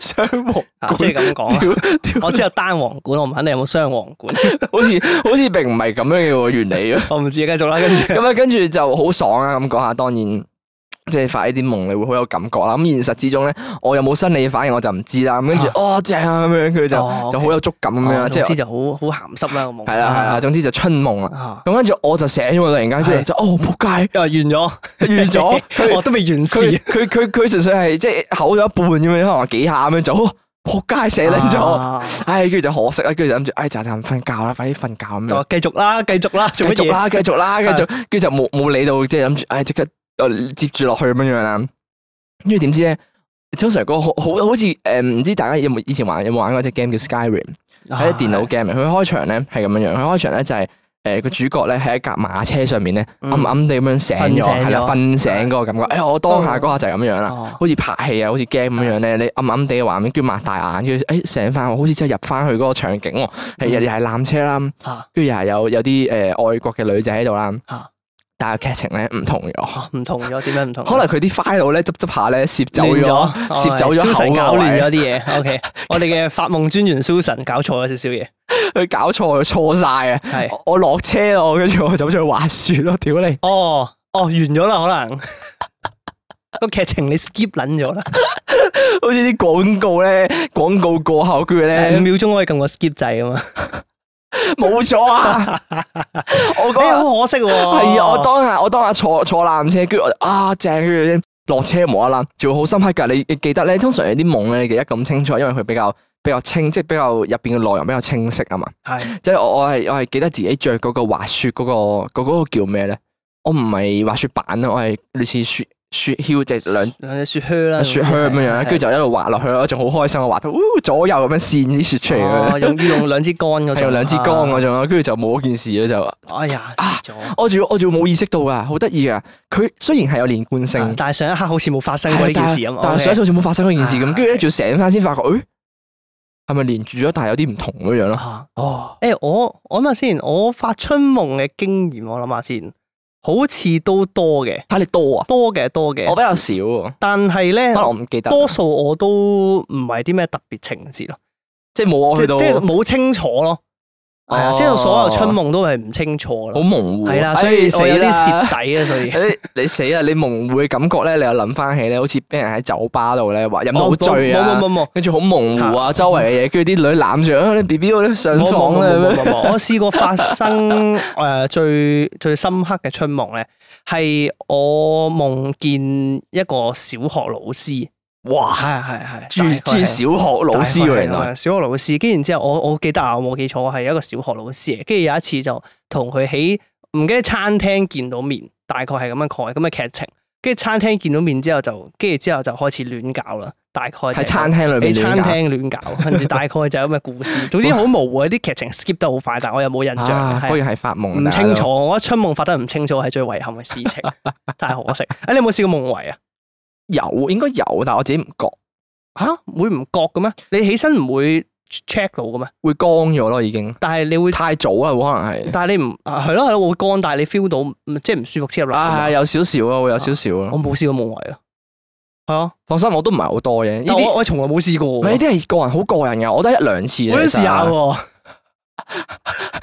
雙簧管即係咁講。我知，有單簧管。我唔肯定有冇雙簧管？好似好似並唔係咁樣嘅原理咯。 [LAUGHS] 我唔知，繼續啦，跟住咁啊，跟住就好爽，爽啊！咁講下，當然。即係發呢啲夢你會好有感覺啦，咁現實之中咧，我又冇生理反應，我就唔知啦。咁跟住，哦正啊咁樣，佢就就好有觸感咁樣，即係總之就好好咸濕啦個夢。係啦係啦，總之就春夢啦。咁跟住我就醒咗，突然間即係就哦扑街，啊完咗，完咗，佢話都未完事。佢佢佢純粹係即係口咗一半咁樣，可能話幾下咁樣就扑街醒咗。唉，跟住就可惜啦，跟住就諗住唉，就就瞓覺啦，快啲瞓覺咁樣。繼續啦，繼續啦，繼續啦，繼續啦，繼續，跟住就冇冇理到，即係諗住唉，即刻。接住落去咁樣樣啦，跟住點知咧？通常嗰個好好好似誒，唔知大家有冇以前玩有冇玩過隻 game 叫 Skyrim，係電腦 game。佢開場咧係咁樣樣，佢開場咧就係誒個主角咧喺一架馬車上面咧，暗暗地咁樣醒咗，係啦，瞓醒嗰個感覺。哎呀，我當下嗰下就係咁樣啦，好似拍戲啊，好似 game 咁樣咧，你暗暗地畫面，跟住擘大眼，跟住誒醒翻，好似真係入翻去嗰個場景喎，係日係纜車啦，跟住又係有有啲誒外國嘅女仔喺度啦。但係劇情咧唔同咗，唔同咗點樣唔同？可能佢啲 file 咧執執下咧攝走咗，攝走咗搞亂咗啲嘢。O K，我哋嘅發夢專員 Susan 搞錯咗少少嘢，佢搞錯錯晒啊！係我落車咯，跟住我走出去滑雪咯，屌你！哦哦，完咗啦，可能個劇情你 skip 捻咗啦，好似啲廣告咧，廣告過後佢咧五秒鐘可以撳個 skip 掣啊嘛。冇錯啊！我覺得好可惜喎。係啊，我當日我當日坐坐纜車，跟住我啊正跟住先落車，無啦啦，仲好深刻㗎。你記得咧？通常有啲夢咧，你記得咁清楚，因為佢比較比較清，即係比較入邊嘅內容比較清晰啊嘛。係的，即係我我係我係記得自己着嗰個滑雪嗰個，嗰個叫咩咧？我唔係滑雪板啊，我係類似雪。雪橇隻兩兩隻雪靴啦，雪靴咁樣，跟住就一路滑落去咯，仲好開心啊！滑到，左右咁樣扇啲雪出嚟咯，用用兩支杆嗰種，用兩支杆嗰種，跟住就冇件事咯就。哎呀我仲我仲冇意識到噶，好得意噶。佢雖然係有連貫性，但係上一刻好似冇發生過呢件事咁，但係上一次好似冇發生過呢件事咁，跟住一住醒翻先發覺，誒，係咪連住咗？但係有啲唔同咁樣咯。哦，誒，我我諗下先，我發春夢嘅經驗，我諗下先。好似都多嘅，睇你多啊？多嘅多嘅，我比較少啊。但係咧，可能我唔記得啊，多數我都唔係啲咩特別情節咯，即係冇我去到，即係冇清楚咯。係啊，即係噢 所有春夢都係唔清楚，好模糊係、啊、啦、 [NOISE] 啊啊哎，所以我有啲蝕底啊，所以你死啦，你模糊嘅感覺咧，你又諗翻起咧，好似俾人喺酒吧度咧，話飲好醉啊，冇冇冇，跟住好模糊啊，周圍嘅嘢，跟住啲女攬住啊，你 B B 嗰啲上床啊，我試過發生誒最 [LAUGHS] 最，最深刻嘅春夢咧，係我夢見一個小學老師。哇，係係係，住小學老師，原來小學老師，跟住之後我我記得啊，我冇記錯，係一個小學老師。跟住有一次就同佢喺唔記得餐廳見到面，大概係咁樣蓋咁嘅劇情。跟住餐廳見到面之後，就跟住之後就開始亂搞啦。大概喺餐廳裏面，喺餐廳亂搞，跟住大概就有咁嘅故事。總之好模糊，啲劇情 skip 得好快，但係我又冇印象。可以係發夢，唔清楚。我覺得春夢發得唔清楚，係最遺憾嘅事情，太可惜。誒，你有冇試過夢遺啊？有應該有，但係我自己唔覺吓、啊、會唔覺嘅咩？你起身唔會 check 到嘅咩？會乾咗咯，已經。但係你會太早啊，可能係、啊。但係你唔啊係咯係，會乾，但係你 feel 到即係唔舒服，黐入嚟。啊係有少少咯，會、啊、有少少咯。我冇試過夢遺啊，係啊，放心，我都唔係好多嘢。呢啲我從來冇試過。呢啲係個人好個人嘅，我都一兩次。我想試下喎。 [LAUGHS]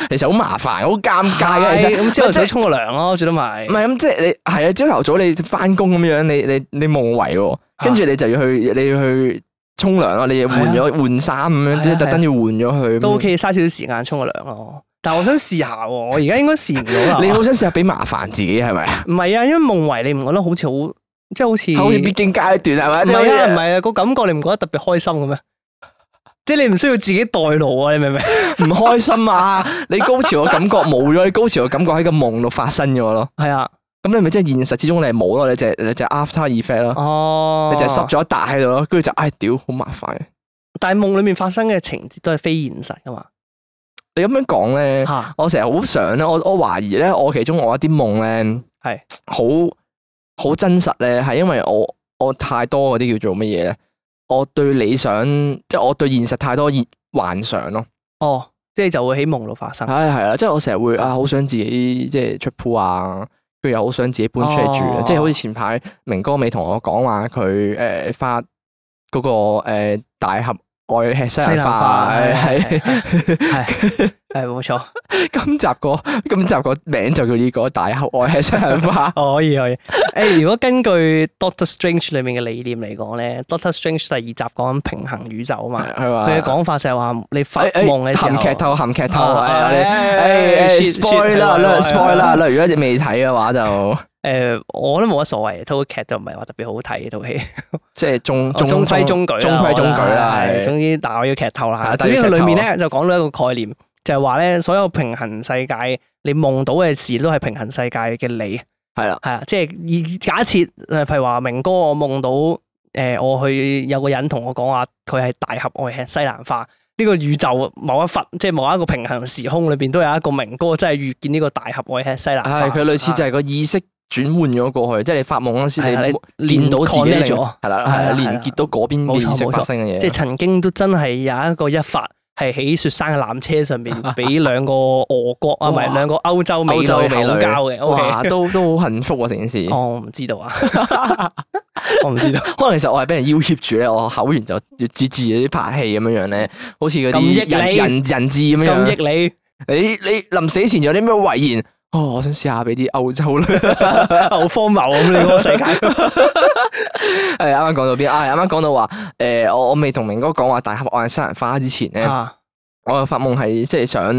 其實好麻煩，好尷尬嘅。咁朝頭早沖個涼咯，最多咪唔係咁，即係你係啊。朝頭早你翻工咁樣，你你你夢遺，跟住你就要去你要去沖涼咯，你要換咗換衫咁樣，即係特登要換咗去。都 OK，嘥少少時間沖個涼咯。但係我想試下，我而家應該試唔到啦。你好想試下俾麻煩自己係咪啊？唔係啊，因為夢遺你唔覺得好似好，即係好似好似必經階段係啊，唔係啊，個感覺你唔覺得特別開心嘅咩？即係你唔需要自己代勞啊，你明唔明？唔 [LAUGHS] 開心啊！你高潮嘅感覺冇咗，你高潮嘅感覺喺個夢度發生咗咯。係是啊，咁你咪即係現實之中你係冇咯，你就就 after effect 咯。哦，你就濕咗、哦、一笪喺度咯，跟住就唉屌，好、哎、麻煩。但係夢裏面發生嘅情節都係非現實噶嘛？你咁樣講咧哈，我成日好想咧，我我懷疑咧，我其中我一啲夢咧係好好真實咧，係因為我我太多嗰啲叫做乜嘢咧？我對理想即係我對現實太多幻想咯。哦，即係就會喺夢度發生。係係的啊，即係我成日會啊，好想自己即係出鋪啊，跟住又好想自己搬出去住。哦、即係好似前排明哥未同我講話，佢、呃、誒發嗰、嗰個誒、呃、大俠。愛吃西蘭花，係係係，冇錯。今集個今集個名就叫呢個大俠愛吃西蘭花，可以可以。誒，如果根據 Doctor Strange 裏面嘅理念嚟講咧，Doctor Strange 第二集講平衡宇宙啊嘛，係嘛？佢嘅講法就係話你發夢你含劇透含劇透。你，誒，spoil 啦，略 spoil 啦，略。如果你未睇嘅話就。誒我都冇乜所謂，套劇就唔係話特別好睇套戲，即係中中規中矩啦，中規中矩啦。總之，但係我要劇透啦嚇。但係呢個裡面咧就講到一個概念，就係話咧所有平衡世界你夢到嘅事都係平衡世界嘅你係啦，係啊，即係以假設誒，譬如話明哥我夢到誒，我去有個人同我講話，佢係大俠愛吃西蘭花呢個宇宙某一忽，即係某一個平衡時空裏邊都有一個明哥，真係遇見呢個大俠愛吃西蘭花，係佢類似就係個意識。轉換咗過去，即係你發夢嗰時，你見到自己咗，係啦，係連結到嗰邊，連結角色發生嘅嘢。即係曾經都真係有一個一發，係喺雪山嘅纜車上邊，俾兩個俄國啊，唔係兩個歐洲美女口交嘅。哇，都都好幸福啊！成件事。哦，我唔知道啊，我唔知道。可能其實我係俾人要挾住咧，我口完就要自自嗰啲拍戲咁樣樣咧，好似嗰啲人人人質咁樣。咁益你？你你臨死前有啲咩遺言？哦，我想試下俾啲歐洲啦，好荒謬啊！咁呢個世界啱啱講到邊啊？啱啱講到話誒，我我未同明哥講話大俠愛西蘭花之前咧，的我又發夢係即係想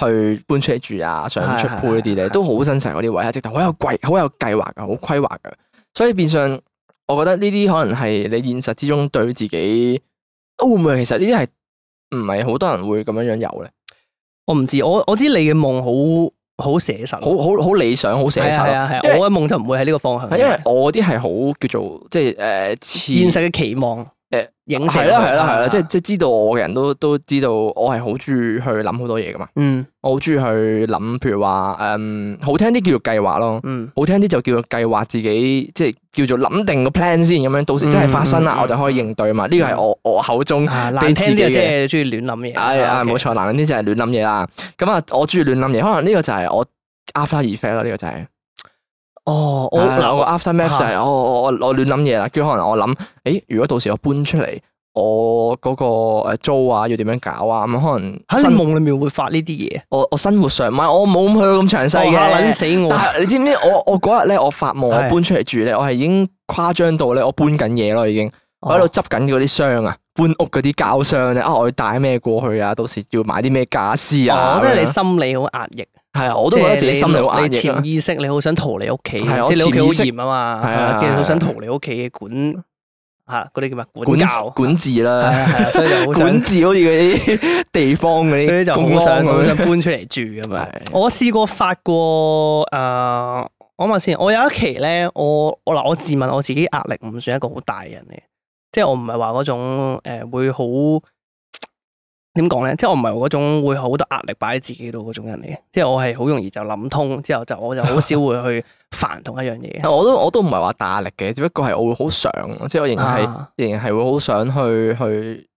去搬出嚟住啊，想出鋪嗰啲咧，是的是的都好真實嗰啲的位啊，直頭好有規，好有計劃嘅，好規劃嘅。所以變相，我覺得呢啲可能係你現實之中對自己都會唔會？其實呢啲係唔係好多人會咁樣樣有咧？我唔知，我我知你嘅夢好。好寫實，好好好理想，好寫實。係啊係啊，為我嘅夢就唔會喺呢個方向。因為我啲係好叫做即係誒，呃、現實嘅期望。影係啦係啦係啦，即係即係知道我嘅人都都知道我係好中意去諗好多嘢噶嘛。嗯我，我好中意去諗，譬如話誒，好聽啲叫做計劃咯。嗯，好聽啲就叫做計劃自己，即係叫做諗定個 plan 先，咁樣到時真係發生啦，嗯嗯我就可以應對啊嘛。呢個係我我口中、啊、難聽啲嘅，即係中意亂諗嘢。係係冇錯，啊錯嗯、難聽啲就係亂諗嘢啦。咁啊 okay，我中意亂諗嘢，可能呢個就係我阿花而啡咯，呢個就係。哦，我我個 aftermath 就係我我我我亂諗嘢啦，跟住可能我諗，誒，如果到時我搬出嚟，我嗰個誒租啊要點樣搞啊咁，可能喺夢裏面會發呢啲嘢。我我生活上唔係我冇去到咁詳細嘅，但係你知唔知我我嗰日咧我發夢，我搬出嚟住咧，我係已經誇張到咧，我搬緊嘢咯，已經我喺度執緊嗰啲箱啊，搬屋嗰啲膠箱咧，啊我要帶咩過去啊，到時要買啲咩家私啊，我覺得你心理好壓抑。係啊，我都覺得自己心裏壓抑啊。潛意識你好想逃離屋企，即係你屋企好嚴啊嘛，係啊，好想逃離屋企嘅管吓嗰啲叫乜管教、啊、管治啦，係啊，啊，所以就好 [LAUGHS] 管治，好似嗰啲地方嗰啲，就好想搬出嚟住咁樣。我試過發過誒，講埋先。我有一期咧，我我嗱，我自問我自己壓力唔算一個好大人嘅，即係我唔係話嗰種誒、呃、會好。點講咧，即係我唔係嗰種會好多壓力擺喺自己度嗰種人嚟嘅，即係我係好容易就諗通，之後就我就好少 [LAUGHS] 會去煩同一樣嘢。我都我都唔係話大壓力嘅，只不過係我會好想，即係我仍然係 [LAUGHS] 仍然係會好想去去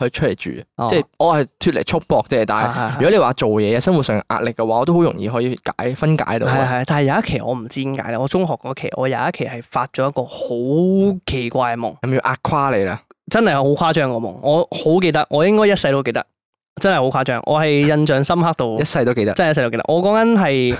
去出嚟住，即係我係脫離束縛啫。但係 [LAUGHS] 如果你話做嘢啊，生活上壓力嘅話，我都好容易可以解分解到。係係、 [LAUGHS] 哎，但係有一期我唔知點解啦，我中學嗰期我有一期係發咗一個好奇怪嘅夢，係咪要壓垮你啦？真係好誇張個夢，我好記得，我應該一世都記得，真係好誇張。我係印象深刻到 [LAUGHS] 一世都記得，真係一世都記得。 [LAUGHS] 我講緊係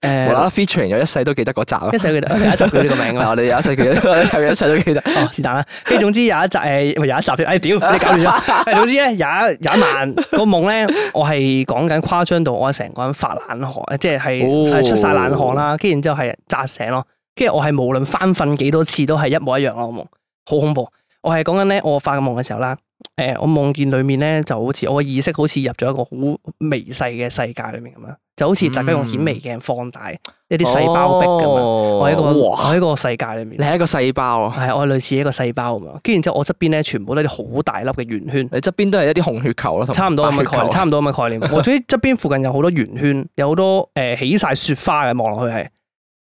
誒，無啦啦 featuring 又一世都記得嗰集啊，一世記得，有一集叫呢個名啦。我哋有一世記得，係一世都記得？ [LAUGHS] 哦，是但啦。跟住總之有一集誒，唔係有一集嘅，哎屌，你搞錯咗。總之咧，有一有一晚個夢咧，我係講緊誇張到我成個人發冷汗，即係係出晒冷汗啦。跟住之後係扎醒咯，跟住我係無論翻瞓幾多次都係一模一樣個夢，好,好恐怖。我係講緊咧，我發個夢嘅時候啦，誒，我夢見裏面咧，就好似我嘅意識好似入咗一個好微細嘅世界裏面咁樣，就好似大家用顯微鏡放大、嗯、一啲細胞壁咁樣，哦、我喺個嘩我喺個世界裏面，你係一個細胞啊，係我係類似一個細胞咁樣，跟住之後我側邊咧全部都係啲好大粒嘅圓圈，你側邊都係一啲紅血球咯，白血球差唔多咁嘅概、 [LAUGHS] 概念，差唔多咁嘅概念， [LAUGHS] 我總之側邊附近有好多圓圈，有好多誒起晒雪花嘅，望、呃、落去係。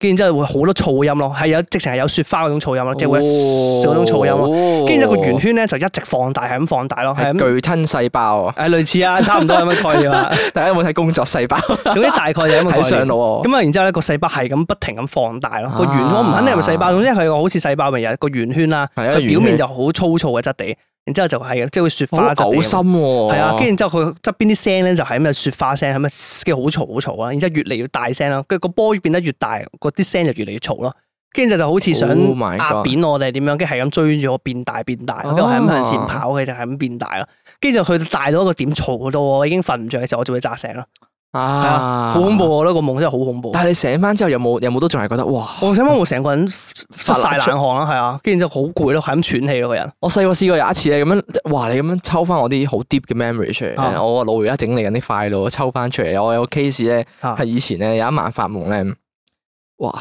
跟住之後會好多噪音咯，係有直情，係有雪花嗰種噪音咯，哦、即係會有嗰種噪音咯。跟住之後個圓圈咧就一直放大，係咁放大咯，係咁巨吞細胞，係類似啊，差唔多咁 [LAUGHS] 樣概念啊。大家有冇睇工作細胞？總之大概就咁樣睇上咯。咁啊，然之後咧個細胞係咁不停咁放大咯。個圓我唔肯定係咪細胞，總之係好似細胞咪有個圓圈啦，佢表面就好粗糙嘅質地。然之後就係啊，即係會雪花就好深係啊，跟住之後佢側邊啲聲咧就係咁嘅雪花聲，係跟住好嘈好嘈啊。然之後越嚟越大聲啦，跟住個波變得越大，個啲聲就越嚟越嘈咯，跟住就好似想壓扁我哋係點樣，跟住係咁追住我變大變大，跟住係咁向前跑嘅就係咁變大啦，跟住就去到大到一個點嘈到我已經瞓唔着嘅時候，我就會炸醒啦。啊，好恐怖！我覺得個夢真係好恐怖。但係你醒翻之後有冇有冇都仲係覺得哇？我醒翻我成個人出晒冷汗啦，係的啊，跟住就好攰咯，係咁喘氣咯，個人。我細個試過有一次咧，咁樣哇，你咁樣抽翻我啲好 deep 嘅 memory 出嚟，啊、我個腦而家整理緊啲 file，抽翻出嚟。我有個 case 咧，係以前咧有一晚發夢咧，哇，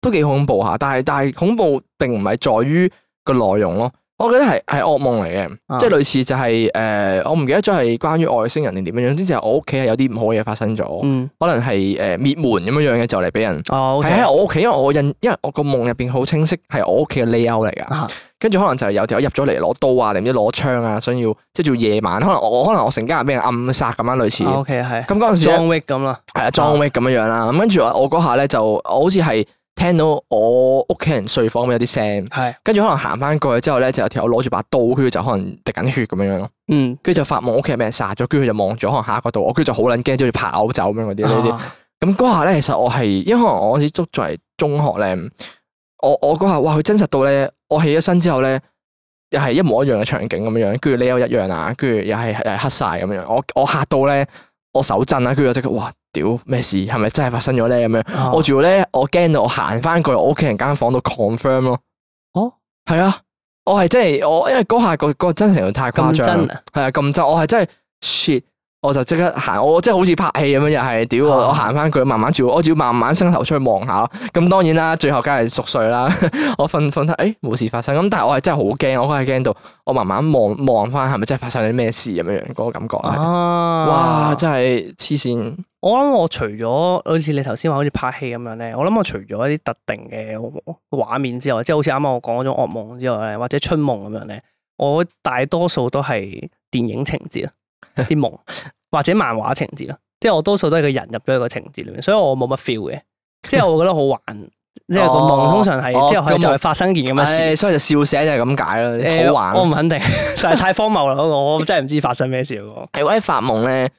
都幾恐怖吓。但係但係恐怖並唔係在於個內容咯。我覺得係係噩夢嚟嘅，即係類似就係、是、誒、呃，我唔記得咗係關於外星人定點樣樣，之陣我屋企係有啲唔好嘢發生咗，嗯、可能係誒、呃、滅門咁樣樣嘅就嚟俾人，係喺、哦 okay、我屋企，因為我印，因為我個夢入邊好清晰係我屋企嘅 layout 嚟㗎，跟住可能就係有條入咗嚟攞刀啊，定唔知攞槍啊，想要即係做夜晚，可能我可能我成家人俾人暗殺咁樣類似，咁嗰陣時裝 wig 咁啦，係啊裝 wig 咁樣樣啦，咁跟住我我嗰下咧就好似係。聽到我屋企人睡房有啲聲，係跟住可能行翻過去之後咧，就有條友攞住把刀，跟住就可能滴緊血咁樣樣咯。嗯，跟住就發夢屋企人俾人殺咗，跟住就望住可能下一個度，我跟住就好撚驚，之後就跑走咁樣嗰啲呢啲。咁嗰下咧，其實我係因為可能我只捉咗嚟中學咧，我我嗰下哇，佢真實到咧，我起咗身之後咧，又係一模一樣嘅場景咁樣跟住呢，又一,一樣啊，跟住又係又係黑晒咁樣，我我嚇到咧，我手震啦，跟住我即刻哇！屌，咩事？係咪真係發生咗咧？咁樣、oh.，我仲要咧，我驚到我行翻過去我屋企人間房度 confirm 咯。哦，係啊，我係真係我，因為嗰下、嗰個、嗰個真成太誇張，係啊咁真，我係真係。Shit. 我就即刻行，我即係好似拍戲咁樣，又係，屌我行翻佢，慢慢照，我照慢慢伸頭出去望下。咁當然啦，最後梗係熟睡啦。我瞓瞓得，誒、欸、冇事發生。咁但係我係真係好驚，我係驚到我慢慢望望翻，係咪真係發生咗啲咩事咁樣？嗰、那個感覺啊，哇，真係黐線！我諗我除咗好似你頭先話好似拍戲咁樣咧，我諗我除咗一啲特定嘅畫面之外，即係好似啱啱我講嗰種噩夢之外咧，或者春夢咁樣咧，我大多數都係電影情節啦。啲夢或者漫畫情節咯，即係我多數都係個人入咗個情節裏面，所以我冇乜 feel 嘅，即係我覺得好玩， [LAUGHS] 即係個夢通常係，哦哦、即係可能發生件咁嘅事、哦哦嗯哎，所以就笑死就係咁解啦。好玩、啊哎，我唔肯定，但係太荒謬啦、 [LAUGHS] 嗰個，我真係唔知發生咩事。我喺、哎、發夢咧，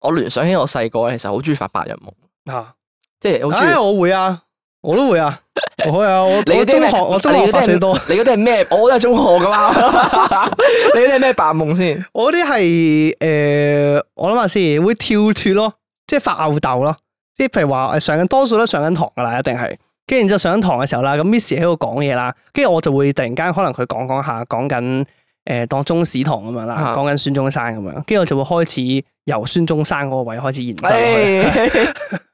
我聯想起我細個其實好中意發白日夢，吓，啊、即係好中意。我會啊，我都會啊。 [LAUGHS] 我有、 [LAUGHS] oh yeah, 我中學我中學白少多你， [LAUGHS] 你嗰啲係咩？我都係中學噶啦。 [LAUGHS] 你嗰啲係咩白日夢先？我啲係誒，我諗下先，會跳脱咯，即係發吽逗咯。即係譬如話上緊多數都上緊堂噶啦，一定係。跟住就上緊堂嘅時候啦，咁 Miss 喺度講嘢啦，跟住我就會突然間可能佢講講下講緊誒，當中史堂咁樣啦，講緊孫中山咁樣，跟住我就會開始由孫中山嗰個位開始研究。哎呀 [LAUGHS]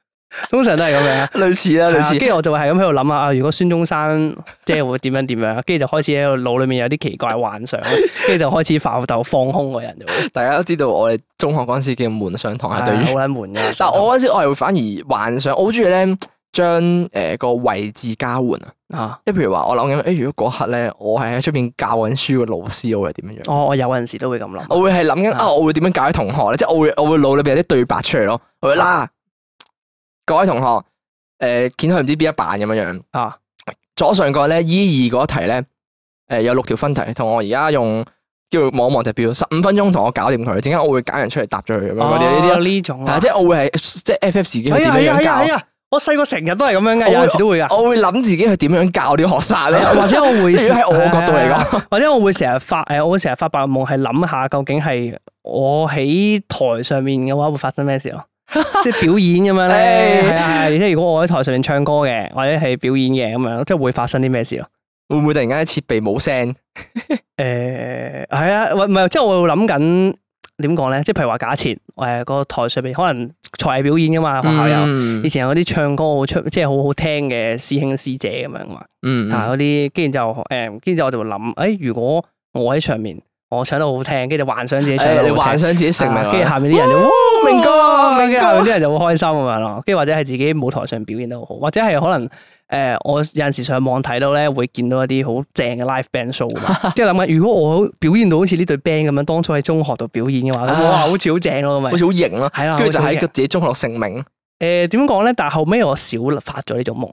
通常都係咁樣，類似啦，類似。跟住我就會係咁喺度諗下啊，如果孫中山即係會點樣點樣，跟住就開始喺個腦裏面有啲奇怪幻想，跟住就開始發吽哣放空個人。大家都知道我哋中學嗰陣時叫悶上堂，係對於好鬼悶嘅。但我嗰陣時我係會反而幻想，我好鍾意，咧將誒個位置交換啊，即譬如話我諗緊，誒如果嗰刻咧我係喺出邊教緊書嘅老師，我會點樣？我我有陣時都會咁諗，我會係諗緊啊，我會點樣教啲同學咧？即係我會我會腦裏邊有啲對白出嚟咯，拉。各位同學，誒、呃，見佢唔知邊一版咁樣樣啊？左上角咧，e 二嗰題咧，誒、呃，有六條分題，同我而家用叫望一望隻表，十五分鐘同我搞掂佢，陣間我會揀人出嚟答咗佢咁樣。有呢、哦、些種，啊即，即係我會係即係 F F 自己點樣教。我細個成日都係咁樣嘅，我，時我會有時都會噶。我會諗自己去點樣教啲學生咧， [LAUGHS] 或者我會喺 [LAUGHS] 我角度嚟講，或者我會成日發誒，我會成日發白日夢，係諗下究竟係我喺台上面嘅話會發生咩事咯。 [LAUGHS] 即係表演咁樣咧，係啊、哎！即係如果我喺台上面唱歌嘅，或者係表演嘅咁樣，即係會發生啲咩事咯？會唔會突然間設備冇聲？誒、 [LAUGHS] 欸，係啊，或唔係？即係我諗緊點講咧？即係譬如話假前誒，哎那個台上面可能才藝表演噶嘛，學校有以前有啲唱歌好出，即係好好聽嘅師兄師姐咁樣嘛。嗯，嗯但，吓嗰啲，跟住就誒，跟住我就諗，誒、欸，如果我喺上面。我唱得好好聽，跟住就幻想自己唱到好好聽、哎、幻想自己成名，跟住、啊、下面啲人就，哇、哦！明哥、啊，明哥、啊，明哥啊、下面啲人就好開心咁啊嘛，跟住或者係自己舞台上表演得好，好，或者係可能，誒、呃，我有陣時上網睇到咧，會見到一啲好正嘅 live band show，即係諗下，如果我表現到好似呢對 band 咁樣，當初喺中學度表演嘅話， [LAUGHS] 話，哇，好似好正咯，好似好型咯，係啦，跟住就喺個自己中學成名，誒，點講咧？但係後尾我少發咗呢種夢。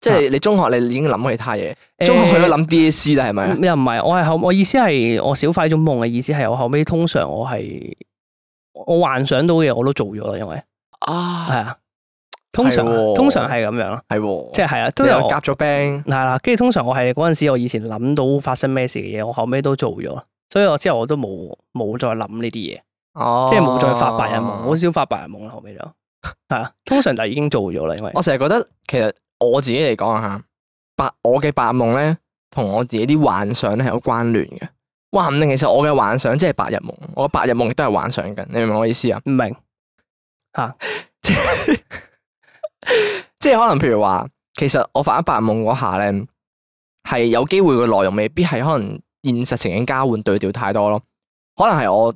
即係你中學你已經諗其他嘢，中學去到諗 DSE 啦，係咪？又唔係，我係後我意思係我少發咗夢嘅意思係我後尾，通常我係我幻想到嘅嘢我都做咗啦，因為啊係啊，通常通常係咁樣咯，係即係係啊，都有夾咗 band 係啦。跟住通常我係嗰陣時我以前諗到發生咩事嘅嘢，我後尾都做咗，所以我之後我都冇冇再諗呢啲嘢，即係冇再發白日夢，好少發白日夢啦。後尾就係啊，通常就已經做咗啦。因為我成日覺得其實。我自己嚟講吓，白我嘅白夢咧，同我自己啲幻想咧，係有關聯嘅。哇，肯定其實我嘅幻想即係白日夢，我白日夢亦都係幻想嘅。你明唔明我意思啊？唔明吓，即係即係可能，譬如話，其實我發白夢嗰下咧，係有機會嘅內容未必係可能現實情景交換對調太多咯。可能係我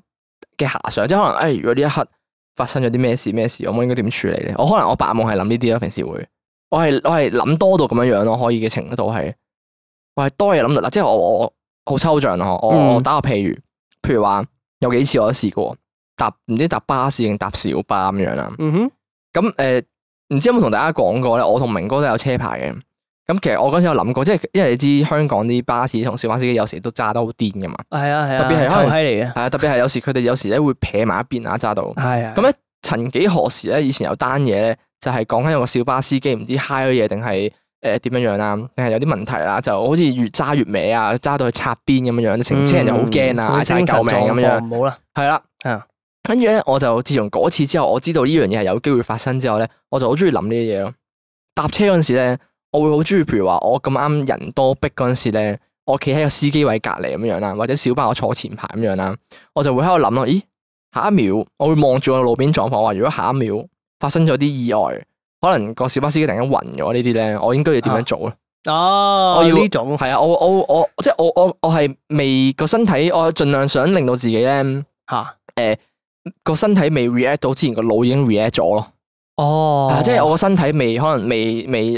嘅遐想，即係可能誒、哎，如果呢一刻發生咗啲咩事，咩事我應該點處理咧？我可能我白夢係諗呢啲咯，平時會。我係我係諗多到咁樣樣咯，可以嘅程度係，我係多嘢諗到，啦，即係我我好抽象咯，我打個譬如，譬如話有幾次我都試過搭，唔知搭巴士定搭小巴咁樣啦。咁誒、嗯哼、唔、呃、知有冇同大家講過咧？我同明哥都有車牌嘅，咁其實我嗰陣時有諗過，即係因為你知香港啲巴士同小巴司機有時都揸得好癲噶嘛。係啊係啊，啊，特別係偷閪嚟嘅。係啊，特別係有時佢哋有時咧會撇埋一邊啊，揸到。係啊。咁咧，曾幾何時咧，以前有單嘢咧。就係講緊有個小巴司機唔知嗨咗嘢定係誒點樣樣、啊、啦，定係有啲問題啦、啊，就好似越揸越歪啊，揸到去擦邊咁樣樣，成、嗯、車人就好驚啊，嗌晒、嗯、救命咁、嗯、樣。唔好啦，係啦了，係啊、嗯。跟住咧，我就自從嗰次之後，我知道呢樣嘢係有機會發生之後咧，我就好中意諗呢啲嘢咯。搭車嗰陣時咧，我會我好中意，譬如話我咁啱人多逼嗰陣時咧，我企喺個司機位隔離咁樣啦，或者小巴我坐前排咁樣啦，我就會喺度諗咯。咦，下一秒我會望住個路邊狀況，話如果下一秒，發生咗啲意外，可能個小巴司機突然間暈咗呢啲咧，我應該要點樣做咧？哦，我要呢種，係啊，我我我即係我我我係未個身體，我盡量想令到自己咧吓，誒個、啊呃、身體未 react 到，之前個腦已經 react 咗咯。哦、啊啊，即係我個身體未可能未未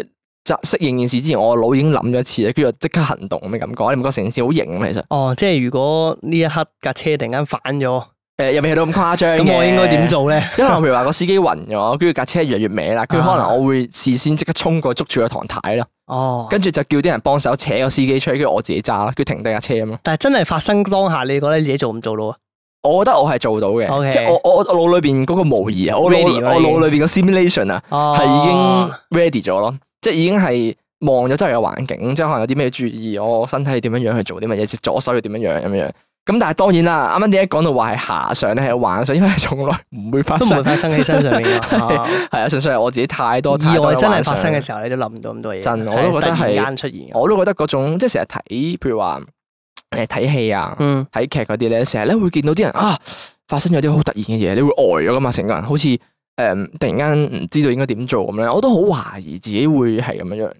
習適應件事之前，我個腦已經諗咗一次啦，跟住即刻行動咁嘅感覺？你唔覺成件事好型咩？其實哦，即係如果呢一刻架車突然間反咗。誒，又未係到咁誇張，咁我應該點做咧？ [LAUGHS] 因為譬如話個司機暈咗，跟住架車越嚟越歪啦，佢 [LAUGHS] 可能我會事先即刻衝過捉住個唐太咯。哦，跟住就叫啲人幫手扯個司機出去，跟住我自己揸咯，跟住停低架車咁咯。但係真係發生當下，你覺得自己做唔做到啊？我覺得我係做到嘅，Okay. 即係我我腦裏邊嗰個模擬啊，我腦面 ready，我我腦裏邊個 simulation 啊，係已經 ready 咗咯，即係已經係望咗周圍嘅環境，即係可能有啲咩注意，我身體點樣樣去做啲乜嘢，左手要點樣樣咁樣。咁但係當然啦，啱啱點解講到話係遐想咧，係幻想，因為從來唔會發生，唔會發生喺身上面嘅。係啊， [LAUGHS] 純粹係我自己太多意外真係發生嘅時候，你都諗唔到咁多嘢。真，我都覺得係。出現，我都覺得嗰種即係成日睇，譬如話誒睇戲啊，睇劇嗰啲咧，成日咧會見到啲人啊，發生咗啲好突然嘅嘢，你會呆咗噶嘛？成個人好似誒、嗯、突然間唔知道應該點做咁樣。我都好懷疑自己會係咁樣樣。誒，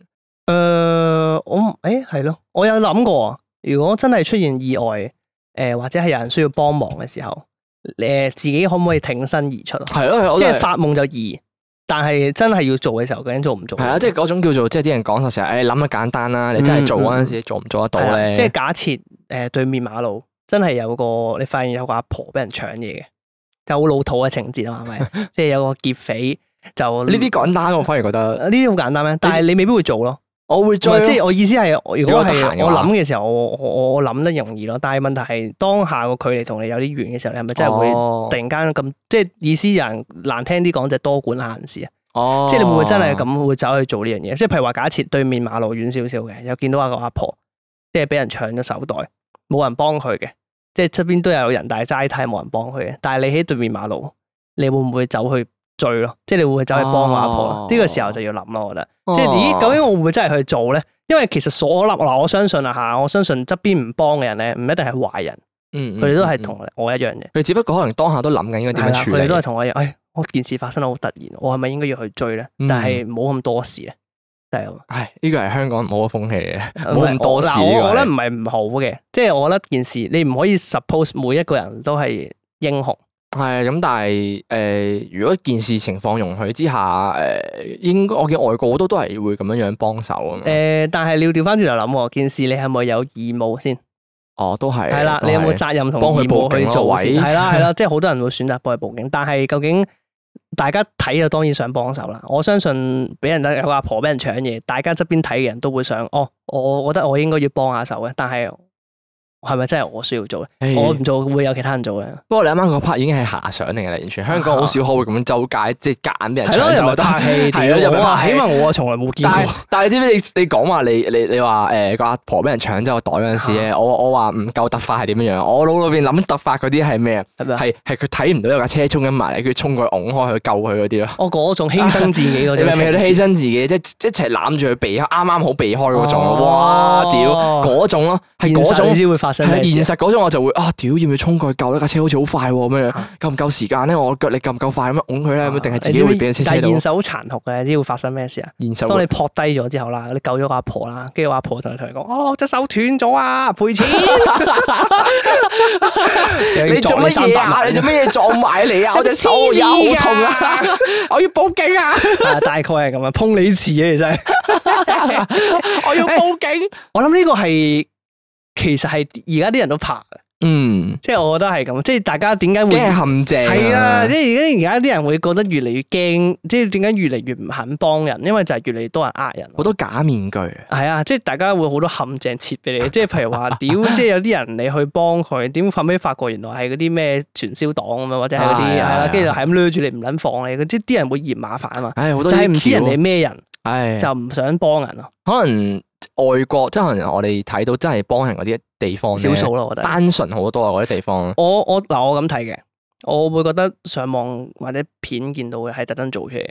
我誒係咯，我有諗過，如果真係出現意外。誒，或者係有人需要幫忙嘅時候，誒，自己可唔可以挺身而出？係咯，即係發夢就易，但係真係要做嘅時候，究竟做唔做？係啊，即係嗰種叫做，即係啲人講就成日，誒諗啊簡單啦，你真係做嗰陣時，做唔、嗯、做得到咧？即係假設誒對面馬路真係有個你發現有個阿婆俾人搶嘢嘅，就好老土嘅情節啊，係咪？ [LAUGHS] 即係有個劫匪就呢啲簡單，我反而覺得呢啲好簡單咩，但係你未必會做咯。我會，即係我意思係，如果係我諗嘅時，時候，我我諗得容易咯。但係問題係當下個距離同你有啲遠嘅時候，你係咪真係會突然間咁？哦、即係意思人難聽啲講就多管閒事啊！哦、即係你會唔會真係咁會走去做呢樣嘢？即係譬如話假設對面馬路遠少少嘅，有見到一個阿婆，婆，即係俾人搶咗手袋，冇人幫佢嘅，即係出邊都有人，但係齋睇冇人幫佢嘅。但係你喺對面馬路，你會唔會走去？追咯，即係你會走去幫阿婆，呢、哦、個時候就要諗咯。我覺得，即係咦，究竟我會唔會真係去做咧？因為其實所立嗱，我相信啊吓，我相信側邊唔幫嘅人咧，唔一定係壞人，嗯，佢、嗯、哋都係同我一樣嘅。佢只不過可能當下都諗緊應該點樣處理，啊、都係同我一樣。哎，件事發生得好突然，我係咪應該要去追咧？但係冇咁多事咧，就係咁。係呢個係香港唔好嘅風氣嘅，冇咁多事。我我，我，我，不不我覺得唔係唔好嘅，即係我覺得件事，你唔可以 suppose 每一個人都係英雄。係咁，但係誒、呃，如果件事情況容許之下，誒、呃，應該我見外國好多都係會咁樣樣幫手啊。誒，但係你調翻轉頭諗，件事你係咪有義務先？哦，都係。係啦了，是你有冇責任同義務、啊、去做先？係啦置，係啦，即係好多人會選擇幫佢報警。 [LAUGHS] 但係究竟大家睇就當然想幫手啦。我相信俾人有佢阿婆俾人搶嘢，大家側邊睇嘅人都會想，哦，我覺得我應該要幫下手嘅。但係係咪真係我需要做嘅？我唔做會有其他人做嘅。不過你啱啱個拍已經係遐想嚟噶啦，完全香港好少可會咁周街即係夾硬俾人搶咗。係咯，又冇嘆氣，係咯，又起碼我啊從來冇見過。但係知唔知你你講話你你你話誒個阿婆俾人搶咗個袋嗰陣時咧？我我話唔夠突發係點樣樣？我腦裏邊諗突發嗰啲係咩啊？係係佢睇唔到有架車衝緊埋嚟，佢衝過㧬開去救佢嗰啲咯。我嗰種犧牲自己嗰啲，係咪係咯？犧牲自己即係一齊攬住佢避開，啱啱好避開嗰種。哇屌，嗰種咯，係嗰種先會發生。喺現實嗰種我就會啊，屌要唔要衝過去救？一架車好似好快咁樣，夠唔夠時間咧？我腳力夠唔夠快咁樣，拱佢咧？定係自己會俾車車到？但係現實好殘酷嘅，呢會發生咩事啊？現實，當你扑低咗之後啦，你救咗個阿婆啦，跟住阿婆就同你講，哦，隻手斷咗啊，賠錢！你做乜嘢啊？你做咩嘢撞埋你啊？我隻手又好痛啊！我要報警啊！大概係咁樣啊，碰你遲啊，其實我要報警。我諗呢個係。其實係而家啲人都怕，嗯，即係我覺得係咁，即係大家點解會驚陷阱啊？係啊，即係而家而家啲人會覺得越嚟越驚，即係點解越嚟越唔肯幫人？因為就係越嚟越多人呃人，好多假面具，係啊，即係大家會好多陷阱設俾你。即係譬如話屌， [LAUGHS] 即係有啲人你去幫佢，點後尾發覺原來係嗰啲咩傳銷黨咁樣，或者係嗰啲係啦，跟住係咁掠住你唔撚放你。即啲人會嫌麻煩啊嘛，哎、多就係唔知人哋咩人，哎、呀就唔想幫人咯。哎、呀可能。外國即係可能我哋睇到真係幫人嗰啲地方，少數咯，我覺得單純好多啊嗰啲地方。我我嗱我咁睇嘅，我會覺得上網或者片見到嘅係特登做嘢嘅。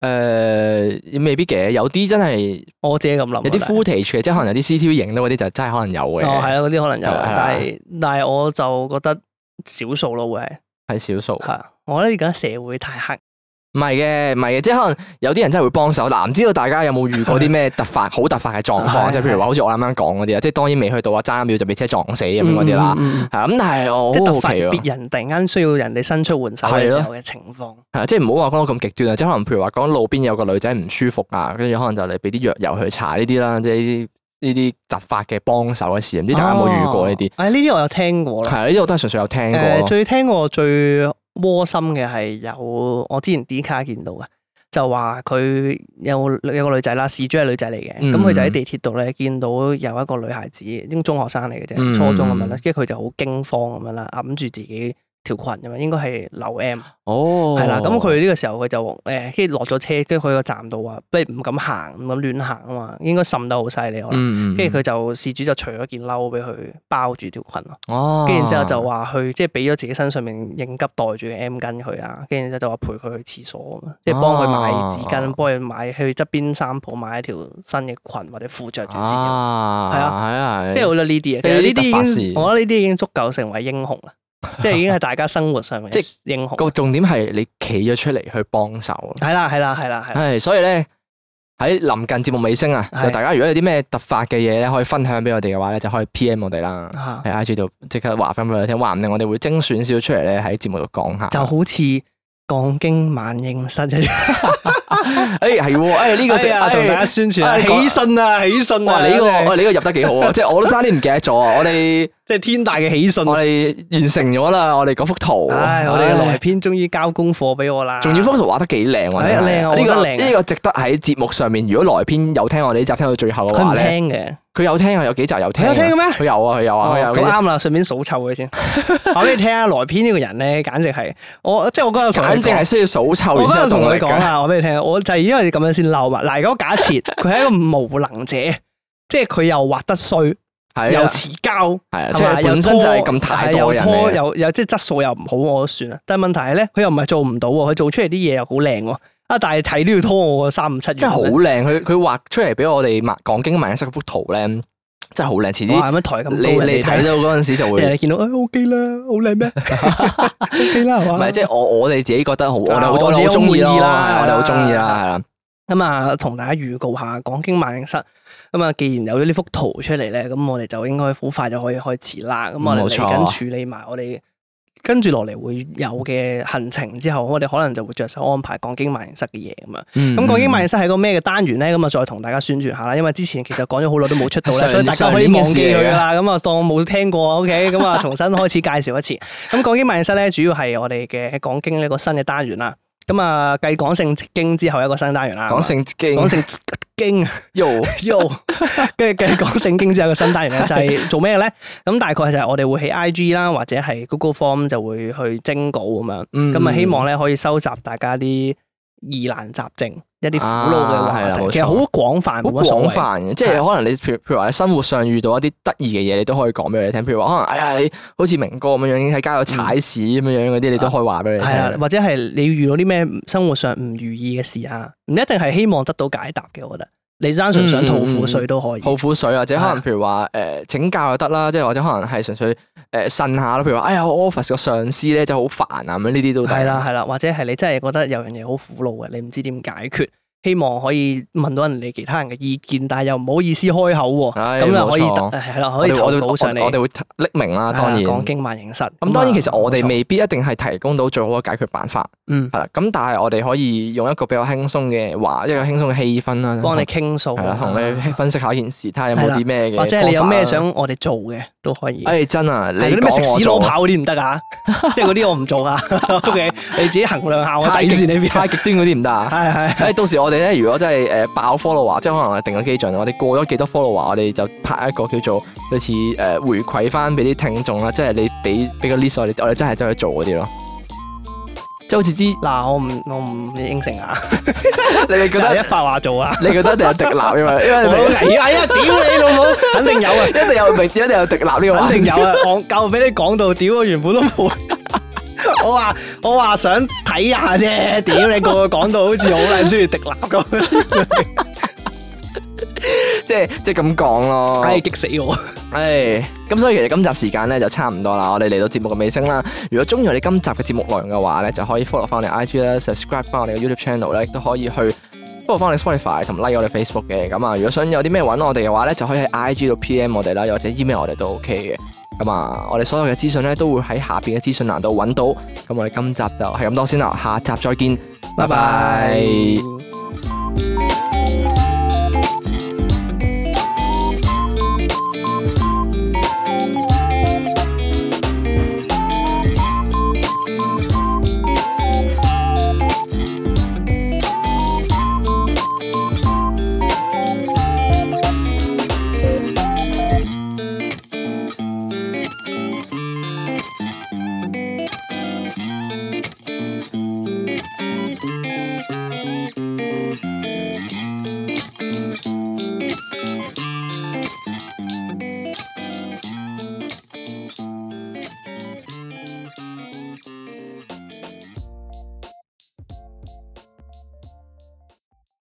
誒，未必嘅，有啲真係我自己咁諗，有啲 footage，即係可能有啲 CCTV 影到嗰啲就真係可能有嘅。哦，係啊，嗰啲可能有，但係但係我就覺得少數咯，會係係少數。係，我覺得而家社會太黑。唔係嘅，唔係嘅，即係可能有啲人真係會幫手。嗱，唔知道大家有冇遇過啲咩突發好 [LAUGHS] 突發嘅狀況，即係譬如話好似我啱啱講嗰啲啦，即係當然未去到啊爭一秒就俾車撞死咁嗰啲啦。係咁、嗯，但係我即係突發別人突然間需要人哋伸出援手嘅情況。即係唔好話講到咁極端啊！即係可能譬如話講路邊有個女仔唔舒服啊，跟住可能就嚟，俾啲藥油去搽呢啲啦，即係呢啲呢啲突發嘅幫手嘅事。唔知大家有冇遇過呢啲？啊，呢啲我有聽過。係呢啲我都係純粹有聽過。誒、呃，最聽過最。窩心嘅係有我之前 D 卡見到嘅，就話佢有有個女仔啦，事主係女仔嚟嘅，咁佢、嗯、就喺地鐵度咧見到有一個女孩子，應該中學生嚟嘅啫，初中咁樣啦，跟住佢就好驚慌咁樣啦，揞住自己。條裙啊嘛，應該係留 M 哦，係啦。咁佢呢個時候佢就誒，跟住落咗車，跟住去個站度話，不如唔敢行，咁亂行啊嘛。應該滲得好犀利，跟住佢就事主就除咗件褸俾佢包住條裙咯。哦，跟住之後就話去，即係俾咗自己身上面應急袋住嘅 M 巾佢啊。跟住之後就話陪佢去廁所啊嘛，即係幫佢買紙巾，幫佢買去側邊衫鋪買一條新嘅裙或者褲着住先。係啊，係啊，即係我覺得呢啲啊，其實呢啲，我覺得呢啲已經足夠成為英雄啦。即係已經係大家生活上面，即係英雄個重點係你企咗出嚟去幫手。係啦係啦係啦係。係 [NOISE] 所以咧，喺臨近節目尾聲啊，了大家如果有啲咩突發嘅嘢咧，可以分享俾我哋嘅話咧，就可以 P M 我哋啦，喺 I G 度即刻話翻俾我哋聽。話唔定我哋會精選少少出嚟咧，喺節目度講下。就好似《講經萬應室》一 [LAUGHS] [LAUGHS] 誒，係誒，呢個即係同大家宣傳，喜訊啊，喜訊啊！你呢個，哇，你個入得幾好啊！即係我都差啲唔記得咗啊！我哋即係天大嘅喜訊，我哋完成咗啦！我哋嗰幅圖，我哋嘅來篇終於交功課俾我啦。仲要幅圖畫得幾靚喎，呢個靚，呢個值得喺節目上面。如果來篇有聽我呢集，聽到最後嘅話，佢唔聽嘅，佢有聽有幾集有聽，有聽嘅咩？佢有啊，佢有啊，佢有。咁啱啦，順便數湊佢先，我俾你聽下來篇呢個人咧，簡直係我，即係我覺得簡直係需要數湊。然可同你講下？我俾你聽，就係因為咁樣先嬲嘛。嗱，如果假設佢係一個無能者， [LAUGHS] 即係佢又畫得衰，又遲交，係啊，人生就係咁太多又拖又又即係質素又唔好，我都算啦。但係問題係咧，佢又唔係做唔到，佢做出嚟啲嘢又好靚喎。啊，但係睇都要拖我三五七，即係好靚。佢佢畫出嚟俾我哋墨講經埋色嗰幅圖咧。真係好靚，似啲，乜台咁，你你睇到嗰陣時就會， [LAUGHS] 你見到，誒、哎、，OK [LAUGHS] 啦，好靚咩？OK 啦，係嘛？唔係，即係我我哋自己覺得好， [LAUGHS] 我我覺得好、啊、我哋好中意啦，我哋好中意啦。咁啊吧，同大家預告下，講經萬應室。咁啊，既然有咗呢幅圖出嚟咧，咁我哋就應該好快就可以開始啦。咁啊、嗯，嚟緊處理埋我哋，跟住落嚟會有嘅行程之後，我哋可能就會着手安排講經萬應室嘅嘢咁啊。咁講經萬應室係個咩嘅單元咧？咁啊，再同大家宣傳下啦。因為之前其實講咗好耐都冇出到咧， [LAUGHS] 年所以大家可以忘記佢啦。咁啊，當冇聽過 OK。咁啊，重新開始介紹一次。咁 [LAUGHS] 講經萬應室咧，主要係我哋嘅喺講經呢一個新嘅單元啦。咁啊，繼講聖經之後一個新單元啦。講聖經。講聖。經啊，又跟住繼續講聖經之後嘅新單元咧，就係做咩咧？咁 [MUSIC] 大概就係我哋會喺 I G 啦，或者係 Google Form 就會去徵稿咁樣，咁啊、嗯嗯、希望咧可以收集大家啲。疑難雜症一啲苦惱嘅話題，啊、其實好廣泛，好廣泛嘅，即係可能你，譬如譬如話你生活上遇到一啲得意嘅嘢，你都可以講俾佢聽。譬如話可能哎呀，你好似明哥咁樣樣喺街度踩屎咁樣樣嗰啲，嗯、你都可以話俾佢聽。係啊，或者係你遇到啲咩生活上唔如意嘅事啊，唔一定係希望得到解答嘅，我覺得。你單純想吐苦水都可以，吐苦水、嗯或者可能譬如話誒請教又得啦，即係或者可能係純粹誒呻下咯，譬如話哎呀我 office 個上司咧真係好煩啊咁，呢啲都得。係啦係啦，或者係你真係覺得有樣嘢好苦惱嘅，你唔知點解決。希望可以問到人哋其他人嘅意見，但係又唔好意思開口喎。咁又可以係啦，可以投稿上嚟。我哋會匿名啦，當然講經萬應室。咁當然，其實我哋未必一定係提供到最好嘅解決辦法。係啦。咁但係我哋可以用一個比較輕鬆嘅話，一個輕鬆嘅氣氛啦，幫你傾訴，係啦，同你分析下件事，睇下有冇啲咩嘅方法。或者你有咩想我哋做嘅都可以。誒，真啊，係啲咩食屎佬跑嗰啲唔得啊，即係嗰啲我唔做啊。O K，你自己衡量下。我你，太極端嗰啲唔得啊。係係，到時我。我哋咧，如果真係誒爆 follow 話，即係可能定咗基準。我哋過咗幾多 follow 話，我哋就拍一個叫做類似誒回饋翻俾啲聽眾啦。即係你俾俾個 list 我哋，我哋真係真係做嗰啲咯。即係好似啲嗱，我唔我唔 [LAUGHS] [LAUGHS] 你應承啊！你哋覺得你一發話做啊？ [LAUGHS] 你覺得一定有滴立因嘛？因為你我嚟啊！屌、哎、你老母，肯定有啊！ [LAUGHS] 一定有，一定有滴立呢個， [LAUGHS] 肯定有啊！講夠俾你講到屌，我原本都冇。 [LAUGHS] 我話我話想睇下啫，屌你個個講到好似好靚，中意迪立咁，即係即係咁講咯，唉激死我！唉、 [LAUGHS] 哎，咁所以其實今集時間咧就差唔多啦，我哋嚟到節目嘅尾聲啦。如果中意我哋今集嘅節目內容嘅話咧，就可以 follow 翻我哋 IG 啦 subscribe 翻我哋嘅 YouTube channel 咧，都可以去。不過放你 Spotify 同 like 我哋 Facebook 嘅。咁啊，如果想有啲咩揾我哋嘅話呢，就可以喺 IG 到 PM 我哋啦，又或者 email 我哋都 OK 嘅。咁啊，我哋所有嘅資訊呢，都會喺下邊嘅資訊欄度揾到。咁我哋今集就係咁多先啦，下集再見，拜拜。 [MUSIC]